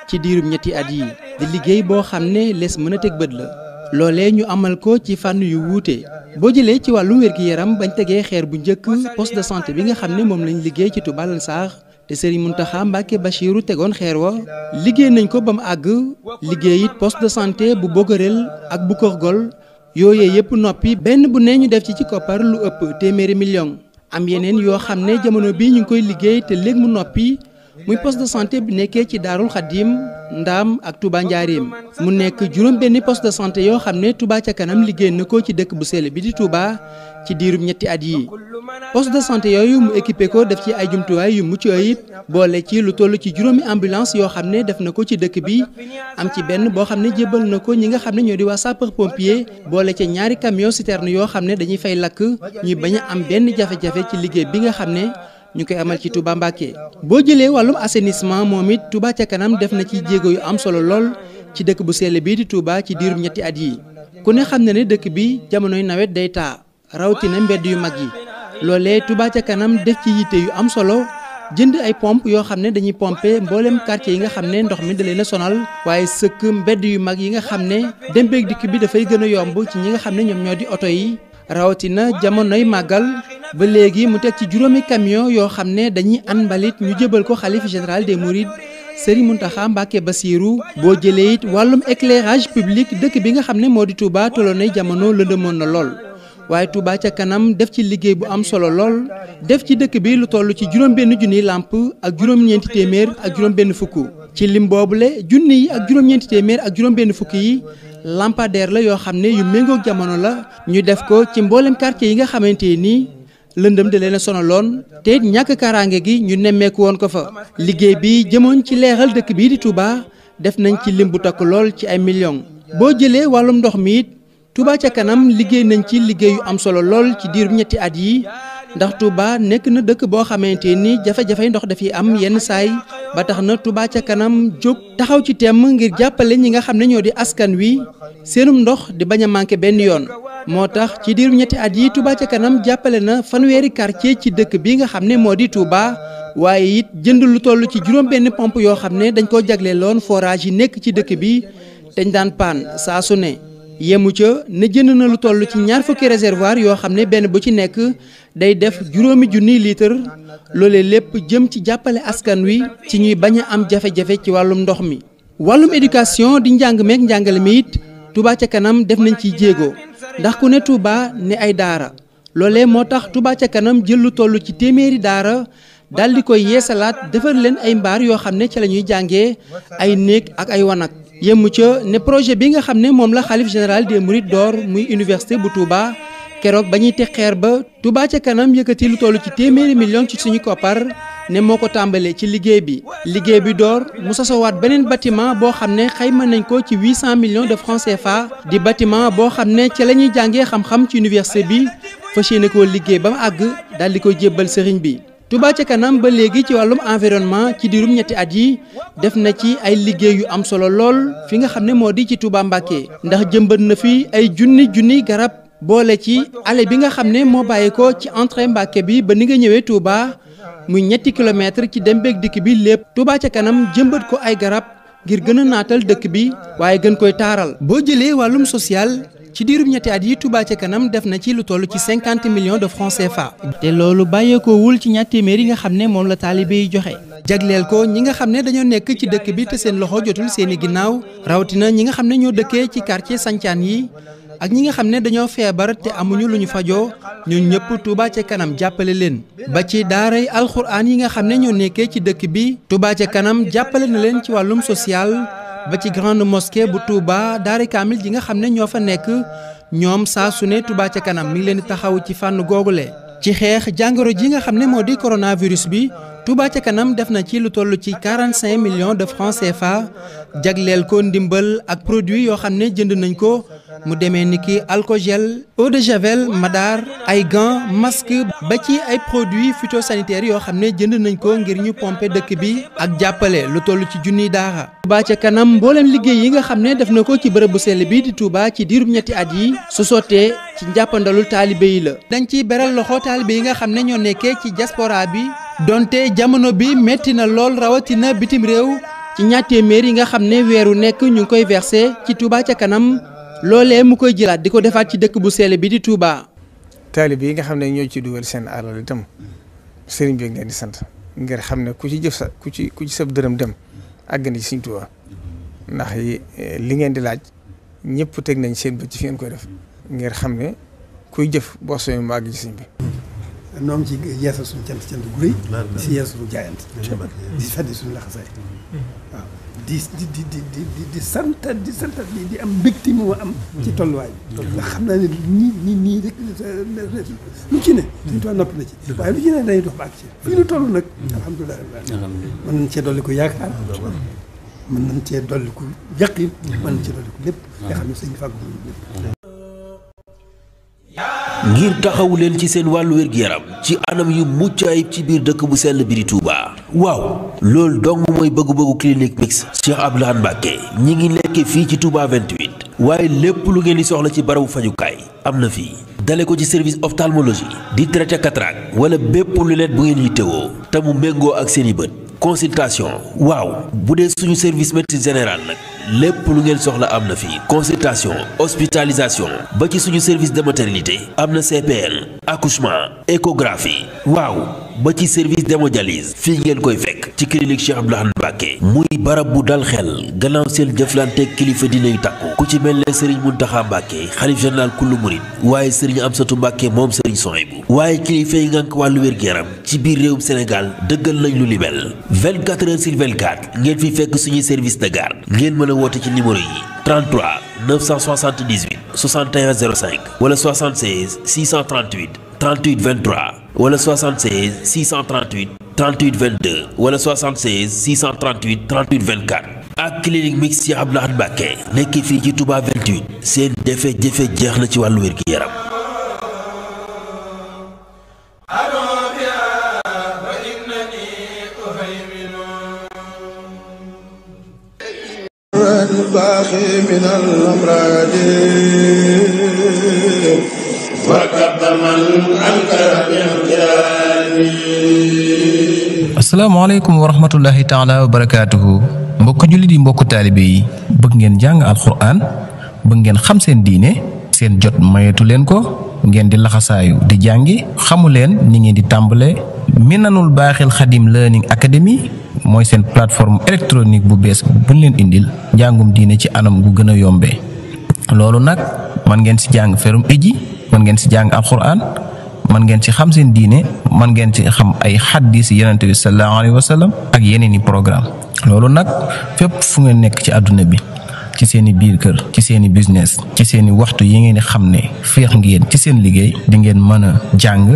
ci diirum ñetti at yi di liggéey boo xam ne lees mën a teg bët la loolee ñu amal ko ci fànn yu wuute boo jële ci wàllu wér-gi-yaram bañ tegee xeer bu njëkk poste de santé bi nga xam ne moom lañ liggéey ci Touba Lansar te Serigne Mountakha Mbacké Bachirou tegoon xeer wa liggéey nañ ko ba mu àgg liggéey it poste de santé bu Bogoréel ak bu gol yooyee yëpp noppi benn bu ne ñu def ci ci koppar lu ëpp téeméeri million am yeneen yoo xam ne jamono bii ñu ngi koy liggéey te léegi mu noppi muy poste de santé bi nekkee ci daarul xadim ndaam ak Touba Njaareem mu nekk juróom benni poste de santé yoo xam ne Touba ca kanam liggéey na ko ci dëkk bu sell bi di Touba ci diirum ñetti at yi poste de santé yooyu mu équipé ko def ci ay jumtuwaay yu mucc ayib boole ci lu toll ci juróomi ambulance yoo xam ne def na ko ci dëkk bi am ci benn boo xam ne jébbal na ko ñi nga xam ne ñoo di waa sapeur pompier boole ca ñaari camion siterne yoo xam ne dañuy fay lakk ñuy bañ a am benn jafe ci liggéey bi nga xam ne ñu koy amal ci Touba Mbacké boo jëlee wàllum assainissement moom it Touba ca kanam def na ci jéego yu am solo lool ci dëkk bu sell bii di Touba ci diirum ñetti at yi ku ne xam na ne dëkk bi jamonoy nawet day taa rawatina mbedd yu mag yi loolee Touba ca kanam def ci yitte yu am solo jënd ay pompe yoo xam ne dañuy pompe mboolem quartier yi nga xam ne ndox mi da leen sonal waaye sëkk mbedd yu mag yi nga xam ne dem dikk bi dafay gën a yomb ci ñi nga xam ne ñoom ñoo di oto yi rawatina jamonoy màggal ba léegi mu teg ci juróomi camion yoo xam ne dañuy an mbalit ñu jëbal ko xalifa général des mourides Serigne Mountakha Mbacké Bassirou boo jëlee it wàllum éclairage public dëkk bi nga xam ne moo di Touba tolloonay jamono lëndëmoon na lool waaye Touba ca kanam def ci liggéey bu am solo lool def ci dëkk bi lu toll ci juróom benn junniy làmp ak juróom téeméer ak juróom benn fukk ci limboobu le junni yi ak juróom-ñeenti téeméer ak juróom benn fukk yi lampadaire la yoo xam ne yu jamono la ñu def ko ci mboolem quartier yi nga xamante ni lëndëm da leen a sonaloon te ñàkk kaaraange gi ñu nemmeeku woon ko fa. liggéey bi jëmoon ci leeral dëkk bii di Touba def nañu ci lim bu takk lool ci ay millions. boo jëlee wàllum ndox mi it Touba ca kanam liggéey nañ ci liggéey yu am solo lool ci diiru ñetti at yi ndax Touba nekk na dëkk boo xamante ni jafe-jafe ndox dafiy am yenn saay ba tax na Touba ca kanam jóg taxaw ci temm ngir jàppale ñi nga xam ne ñoo di askan wi seenum ndox di bañ a manqué benn yoon. moo tax ci diiru ñetti at yi Touba ca kanam jàppale na fanweeri quartier ci dëkk bi nga xam ne moo di Touba waaye it jënd lu toll ci juróom benn pompe yoo xam ne dañ koo loon forage yi nekk ci dëkk bi dañ daan paan saa su ne. yemu ca ne jënd na lu toll ci ñaar fukki yoo xam ne benn bu ci nekk day def juróomi junniy litre loole lépp jëm ci jàppale askan wi ci ñuy bañ a am jafe-jafe ci wàllum ndox mi. wàllum éducation di njàng meek njàngale mi it Touba ca kanam def nañ ci jéego ndax ku ne Touba ne ay daara loolee moo tax Touba ca kanam jël lu toll ci téeméeri daara dal di koy yeesalaat defar leen ay mbaar yoo xam ne ci la ñuy jàngee ay néeg ak ay wanag. yemu ca ne projet bi nga xam ne moom la xalif général des Mourides door muy université bu Touba. keroog ba ñuy xeer ba Touba ca kanam yëkkati lu toll ci téeméeri million ci suñu koppar ne moo ko tàmbalee ci liggéey bi liggéey bi door mu sasoowaat beneen batiment boo xam ne xayma nañ ko ci 800 millions de francs CFA di batiment boo xam ne ca la ñuy jàngee xam-xam ci université bi fa yéene koo liggéey ba mu àgg daal di ko jébbal sëriñ bi. Touba ca kanam ba léegi ci wàllum environnement ci diirum ñetti at yi def na ci ay liggéey yu am solo lool fi nga xam ne moo di ci Touba ndax jëmbat na fi ay junni junni garab. boole ci ale bi nga xam ne moo bàyyi ko ci entrée Mbàkke bi ba ni nga ñëwee Touba muy ñetti kilomètre ci dem beg dikk bi lépp tubaa ca kanam jëmbat ko ay garab ngir gën a naatal dëkk bi waaye gën koy taaral. boo jëlee wàllum social ci diirum ñetti at yi tubaa ca kanam def na ci lu toll ci cinquante millions de francs CFA. te loolu bàyyeekoowul ci ñetti yi nga xam ne moom la taalibe yi joxe. jagleel ko ñi nga xam ne dañoo nekk ci dëkk bi te seen loxo jotul seen i ginnaaw rawatina ñi nga xam ne ñoo dëkkee ci quartier sancaan yi. ak ñi nga xam ne dañoo feebar te amuñu lu ñu fajoo ñun ñëpp Touba ca kanam jàppale leen ba ci daaray alxuraan yi nga xam ne ñoo nekkee ci dëkk bi Touba ca kanam jàppale na leen ci wàllum social ba ci grande mosquée bu Touba daara kaamil ji nga xam ne ñoo fa nekk ñoom saa su ne Touba ca kanam mi ngi leen di taxaw ci fànn googu le ci xeex jàngoro ji nga xam ne moo di coronavirus bi Touba ca kanam def na ci lu toll ci 45 millions de francs CFA jagleel ko ndimbal ak produit yoo xam ne jënd nañ ko mu demee ni ki alcogel eau de javel madar ay gants masque ba ci ay futo phytosanitaires yoo xam ne jënd nañ ko ngir ñu pompe dëkk bi ak jàppale lu toll ci junniy daara Touba ca kanam mbooleem liggéey yi nga xam ne def na ko ci bërëb bu sell bi di Touba ci diirub ñetti at yi su sottee ci njàppandalul taalibe yi la dañ ciy beral loxo taalibe yi nga xam ne ñoo nekkee ci diaspora bi donte jamono bi métti na lool rawatina bitim réew ci ñaar téeméer yi nga xam ne weeru nekk ñu ngi koy versé ci Touba ca kanam loolee mu koy jëlaat di ko defaat ci dëkk bu seele bi di Touba. taalib yi nga xam ne ñoo ci dugal seen alal itam sëriñ bi ngeen di sant ngir xam ne ku ci jëf sa ku ci ku sab dërëm dem àgg na ci Sëriñ ndax li ngeen di laaj ñëpp teg nañ seen bët ci fi ngeen koy def ngir xam ne kuy jëf bos soobee mu àgg ci bi. noo ci yeesal suñu cant cant gu rëy. di si yeesal suñu jaayante. di si fàtte suñu laxasaay. Mm-hmm. waaw di di di di di di santat di santat di di am mbégte mu am. ci mm-hmm. tolluwaay bi. Mm-hmm. ndax xam naa ne nii nii nii rek lu ci ne. suñu tool noppi na ci. waaye lu ci ne dañuy dox ba ak ci fii lu toll nag. alhamdulilah mën nañ cee dolli ko yaakaar. mën nañ cee dolli ko yaqin. mën nañ cee dolli ko lépp. Ah. nga xam ne sëñ bi lépp. Ah. ngir taxawu leen ci seen wàllu wér-gu-yaram ci anam yu mucc ayib ci biir dëkk bu sell bi di Touba. waaw loolu dong mooy bëggu bëggu clinique mix Cheikh Abdoulaye Mbacké ñi ngi nekkee fii ci Touba 28 waaye lépp lu ngeen di soxla ci barabu fajukaay am na fii dale ko ci service ophtalmologie di traité cataracte wala bépp lunette bu ngeen yittewoo te mu méngoo ak seen i bët. consultation waaw bu dee suñu service médecine général nag lépp lu ngeen soxla am na fii consultation ospitalisation ba ci suñu service de maternité am na CPN accouchement échographie waaw ba ci service d'hémodialyse fii ngeen koy fekk ci clinique Cheikh Abdou Lahad Mbacké muy barab bu dal xel gannaaw seen jëflanteeg kilifa dina yu takku ku ci mel ne Serigne Mountakha Mbacké xalif général kullu murid waaye Serigne Amsatou Mbacké moom Serigne Souhaïbou waaye kilifa yi ngànk wàllu wér-gu-yaram ci biir réewum Sénégal dëggal nañ lu li mel 24 heures fi fekk suñuy service de garde ngeen mën a woote ci numéro yi 33 978 61 05 wala 76 638 38 wala 76 638 38 22 wala 76 638 38 24. ak clinique mixte Cheikh Abdou Lahad Mbacké fii ci Touba 28 seen jafe-jafe jeex na ci wàllu wér gi yaram. baaxi min al amraadi asalaamaaleykum wa rahmatullahi taala wa barakaatuhu mbokk jullit yi mbokk taalibe yi bëgg ngeen jàng alxuraan bëgg ngeen xam seen diine seen jot mayetu leen ko ngeen di laxasaayu di jàngi xamu leen ni ngeen di tàmbale minanul baaxil xadim learning academy mooy seen plateforme électronique bu bees buñ leen indil njàngum diine ci anam gu gën a yombee loolu nag man ngeen si jàng ferum iji man ngeen si jàng alquran man ngeen ci xam seen diine man ngeen ci xam ay xaddis yonent bi sallallahu alayhi wa ak yeneen i programme loolu nag fépp fu ngeen nekk ci àdduna bi ci seen i biir kër ci seen i business ci seen i waxtu yi ngeen di xam ne féex ngeen ci seen liggéey di ngeen mën a jàng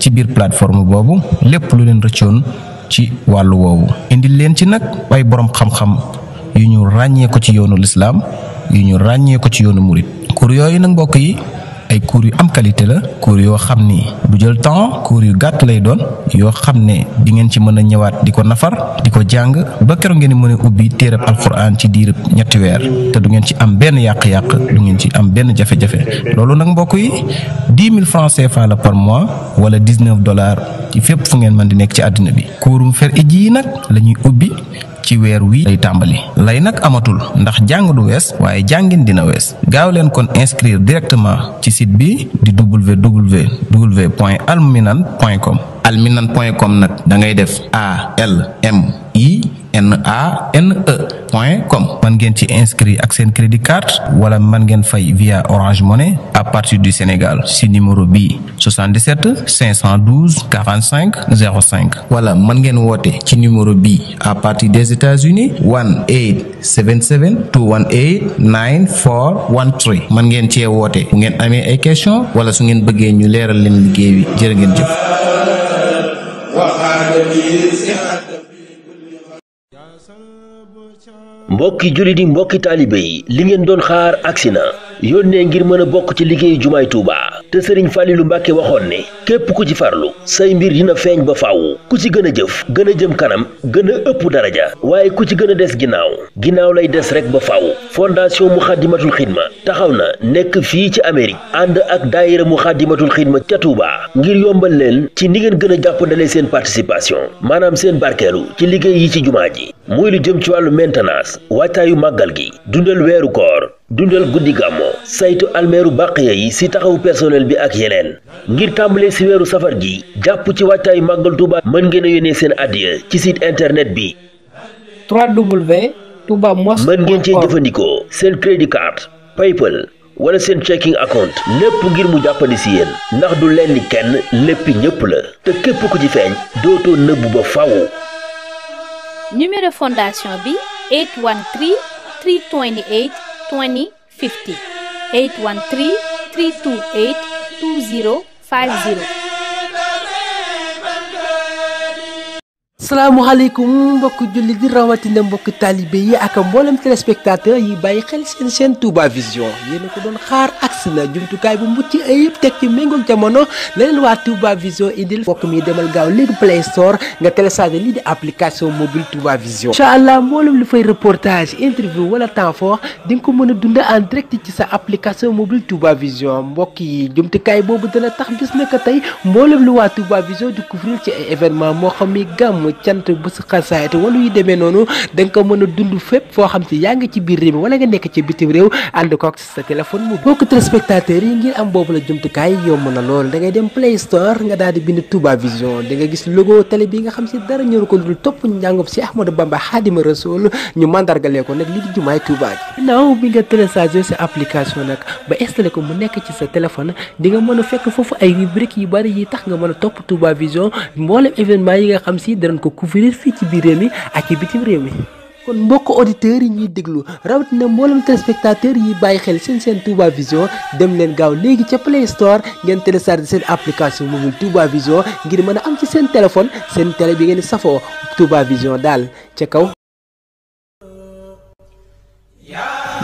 ci biir plateforme boobu lépp lu leen rëccoon ci wàll woowu. indil leen ci nag ay borom xam-xam yu ñu ràññee ci yoonu lislaam yu ñu ràññee ko ci yoonu murit cours yooyu nag mbokk yi ay cours yu am qualité la cours yoo xam ni bu jël temps cours yu gàtt lay doon yoo xam ne di ngeen ci mën a ñëwaat di ko nafar di ko jàng ba keroog ngeen mën a ubbi téereb alxuraan ci diirëb ñetti weer te du ngeen ci am benn yàq-yàq du ngeen ci am benn jafe-jafe loolu nag mbokk yi dix mille francs CFA la par mois wala dix-neuf dollars ci fépp fu ngeen mën di nekk ci àddina bi. kuurum fer iji yi nag la ubbi. ci weer wii lay tàmbali lay nag amatul ndax jàng du wees waaye jàngin dina wees gaaw leen kon inscrire directement ci site bi di www point alminan point com alminan point com nag da ngay def a l m i n a n e point com mën ngeen ci inscrit ak seen crédit carte wala man ngeen fay via Orange Money à partir du Sénégal si numéro bii 77 512 45 05 wala man ngeen woote ci numéro bii à partir des États-Unis 1 877 218 9413 mën ngeen cee woote bu ngeen amee ay question wala su ngeen bëggee ñu leeral leen liggéey bi jërë ngeen jëf mbokki jullit yi mbokki taalibe li ngeen doon xaar agsi na yónnee ngir mën a bokk ci liggéeyu jumaay Touba te Serigne lu Mbacke waxoon ne képp ku ci farlu say mbir dina feeñ ba faw ku ci gën a jëf gën a jëm kanam gën a ëpp daraja waaye ku ci gën a des ginnaaw ginnaaw lay des rek ba faaw fondation Muxaddamatul Xidma taxaw na nekk fii ci Amérique ànd ak daayira Muxaddamatul Xidma ca Touba ngir yombal leen ci ni ngeen gën a jàppandale seen participation maanaam seen barkeelu ci liggéey yi ci jumaa ji mu lu jëm ci wàllu maintenance waajtaayu màggal gi dundal weeru koor dundal guddi gàmmoo saytu almeeru bàqiya yi si taxawu personnel bi ak yeneen ngir tàmbale siweeru weeru safar gi jàpp ci waajtaayu màggal Touba mën ngeen a yónnee seen addiya ci site internet bi www.toubamosque.com mën ngeen ci jëfandikoo seen crédit card paypal wala seen checking account lépp ngir mu jàppandi si yéen ndax du lenn kenn léppi ñëpp la te képp ku ci feeñ dootoo nëbbu ba faaw. numéro bi 813 2050 813 328 2050 salaamaaleykum mbokk julli di rawatina mbokki taalibe yi ak mboolem téléspectateur yi bàyyi xel seen seen Touba Vision yéen ko doon xaar agsi na jumtukaay bu mucc ayib teg ci méngoog jamono leneen waa Touba Vision mbokk mi demal gaaw léegi Play Store nga télécharger lii di application mobile Touba Vision. incha allah mboolem lu fay reportage interview wala temps fort di nga ko mën a dund en direct ci sa application mobile Touba Vision mbokk yi jumtukaay boobu dana tax bis na ko tey mboolem lu waa Touba Vision di ci ay événement moo xam ni gàmm. cant bés xasaayati wala yu demee noonu da nga ko mën a dund fépp foo xam si yaa ngi ci biir réew mi wala nga nekk ci bitim réew ànd ko ak si sa application mu nekk ci sa téléphone di mën a fekk foofu ay rubrique yu bari yi tax nga mën a topp Touba Vision mboolem événement yi nga xam si danañ ko couvrir fii ci biir réew mi ak ci bitim réew mi. kon mbokk auditeurs yi ñuy déglu rawatina mboolem spectateur yi bàyyi xel si seen Touba Vision dem leen gaaw léegi ca Play Store ngeen télécharge seen application mobile Touba Vision ngir mën a am ci seen téléphone seen télé bi ngeen safoo Touba Vision daal ca kaw.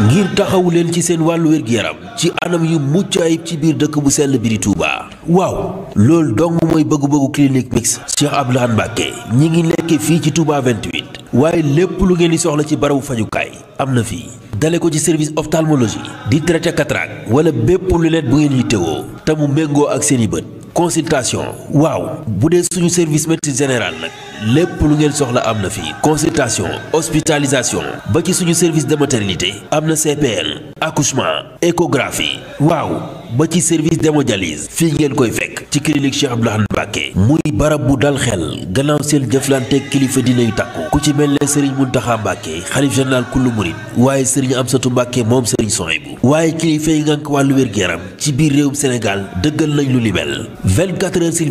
ngir taxawu leen ci seen wàllu wér-gu-yaram ci anam yu mucc ayib ci biir dëkk bu sell bi di Touba waaw loolu dong mooy bëggu bëggu clinique mix Cheikh Abdoulaye Mbacké ñi ngi nekk fii ci Touba 28 waaye lépp lu ngeen di soxla ci barabu fajukaay am na fii dale ko ci service ophtalmologie di traité cataracte wala bépp lunette bu ngeen yittewoo te mu méngoo ak seen i bët. consultation waaw bu dee suñu service médecine général nag lépp lu ngeen soxla am na fi consultation hospitalisation ba ci suñu service de maternité am na CPN accouchement échographie waaw ba ci service d'hémodialyse fii ngeen koy fekk ci clinique Cheikh Abdou Lahad Mbacké muy barab bu dal xel gannaaw seen jëflante kilifa dina yu takku ku ci mel ne Serigne Mountakha Mbacké xalif général kullu murid waaye Serigne Amsatou Mbacké moom Serigne Souhaïbou waaye kilifa yi ngànk wàllu wér-gu-yaram ci biir réewum Sénégal dëggal nañ lu li mel 24 heures sur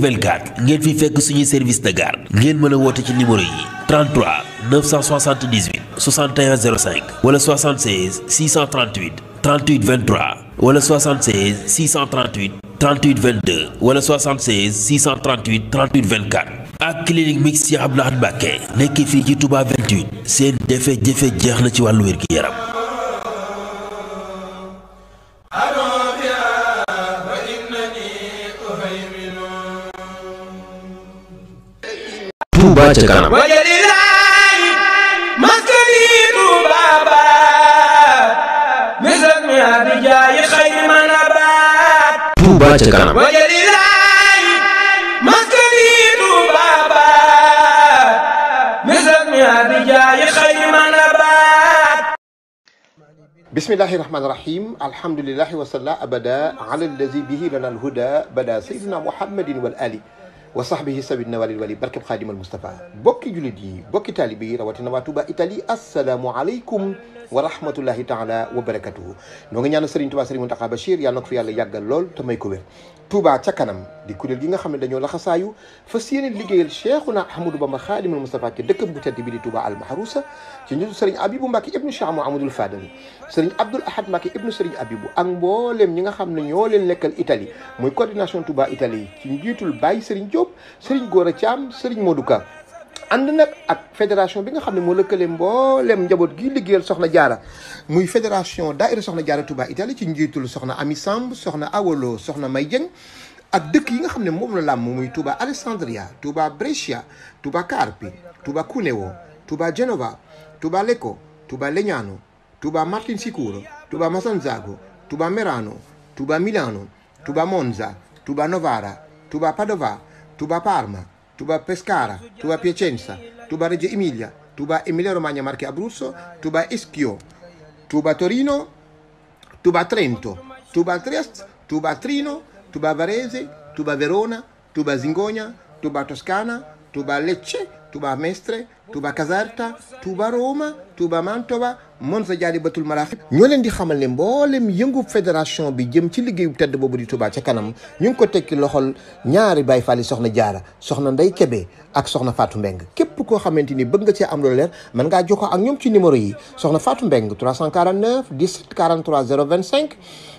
fi fekk suñuy service de garde ngeen mën a woote ci numéro yi 33 978 61 05 wala 76 638 38 23 wala 76 638 38 wala 76 638 38 24. ak clinique mix Cheikh Abdou Lahad Mbacké fi fii ci Touba 28 seen jafe-jafe jeex na ci wàllu wér gi yaram. Touba ca kanam. Touba ca kanam bismillahi rahmaani rahim alhamdulilahi wasalla abada ala allazi bihi lana alhuda bada sayidina muhammadin wal ali wa sahbihi sabidna walil wali barkeb xaadimal Moustapha bokki jullit yi bokki taalibe yi rawatina waa Touba Italie asalaamualeykum wa rahmatullahi taala wa barakatuhu noo ngi ñaanal Serigne Touba Serigne Mountakha Bachir yàlla na ko fi yàlla yàggal lool te may ko wér Touba ca kanam di kuréel gi nga xam ne dañoo laxasaayu fas yéene liggéeyal Cheikhuna Ahmadou Bamba Khadimul Moustapha ke dëkkam bu tedd bi di Touba al-Mahrousa ci njiitu Serigne Abibou Mbacke ibnu Cheikh Mouhamadoul Fadal Serigne Abdoul Ahad Mbacke ibnu Serigne Abibou ak mbooleem ñi nga xam ne ñoo leen nekkal Italie muy coordination Touba Italie ci njiitul Baye Serigne Diop Serigne Gora Thiam Serigne Modou Ka ànd nag ak fédération bi nga xam ne moo lëkkale mboolem njaboot gi liggéeyal soxna jaara muy fédération daaira soxna jaara Touba Italie ci njiitul soxna Ami Samb soxna Awolo soxna May Dieng ak dëkk yi nga xam ne moom la làmm muy Touba Alessandria Touba Brescia Touba Carpi Touba Cuneo Touba Genova Touba Lecco Touba Legnano Touba Martinsicuro Touba Masanzago Touba Merano Touba Milano tuba Monza Touba Novara Touba Padova Touba Parma Touba Pescara, tuba Piacenza, tuba Reggio Emilia, Touba Emilia Romagna Marche Abruzzo, Touba Ischio, Touba Torino, Touba Trento, Touba Trieste, Touba Trino, Touba Varese, Touba Verona, Touba Zingogna, Touba Toscana, Touba Lecce, Touba Mestre, Touba Caserta, Touba Roma, Touba Mantova, moom sa jaalibatul maraaxib ñoo leen di xamal ne mboolem yëngu fédération bi jëm ci liggéeyu tedd boobu di Touba ca kanam ñu ngi ko tekki loxol ñaari Baay Faal yi soxna Jaara soxna Ndey Kebe ak soxna faatu Mbeng képp koo xamante ni bëgg nga cee am lu leer mën ngaa jokkoo ak ñoom ci numéro yi soxna Fatou Mbeng 349 17 43 cinq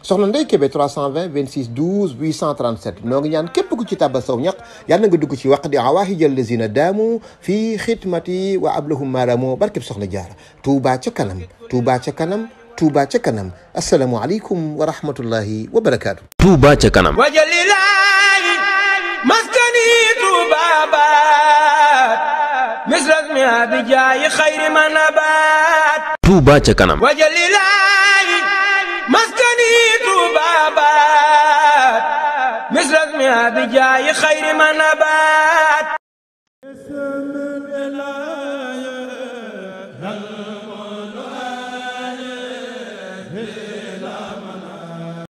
soxna Ndeye Kébé 320 26 12 837 noo ngi ñaan képp ku ci tàbba saw ñaq yàlla na nga dugg ci waq di awaahijal lazina daamu fii xidmati wa ablahum maaramoo barkeb soxna jaara tuubaa ca kanam tuubaa ca kanam tuubaa ca kanam asalaamu aleykum wa rahmatullahi wa barakaatu tuubaa ca kanam wajalilahi maskani tuubaa baat misras mi abijaayi xayri ma nabaat tuubaa ca kanam maskani Tuubaa baat misras mi abijaayi xayri ma nabaat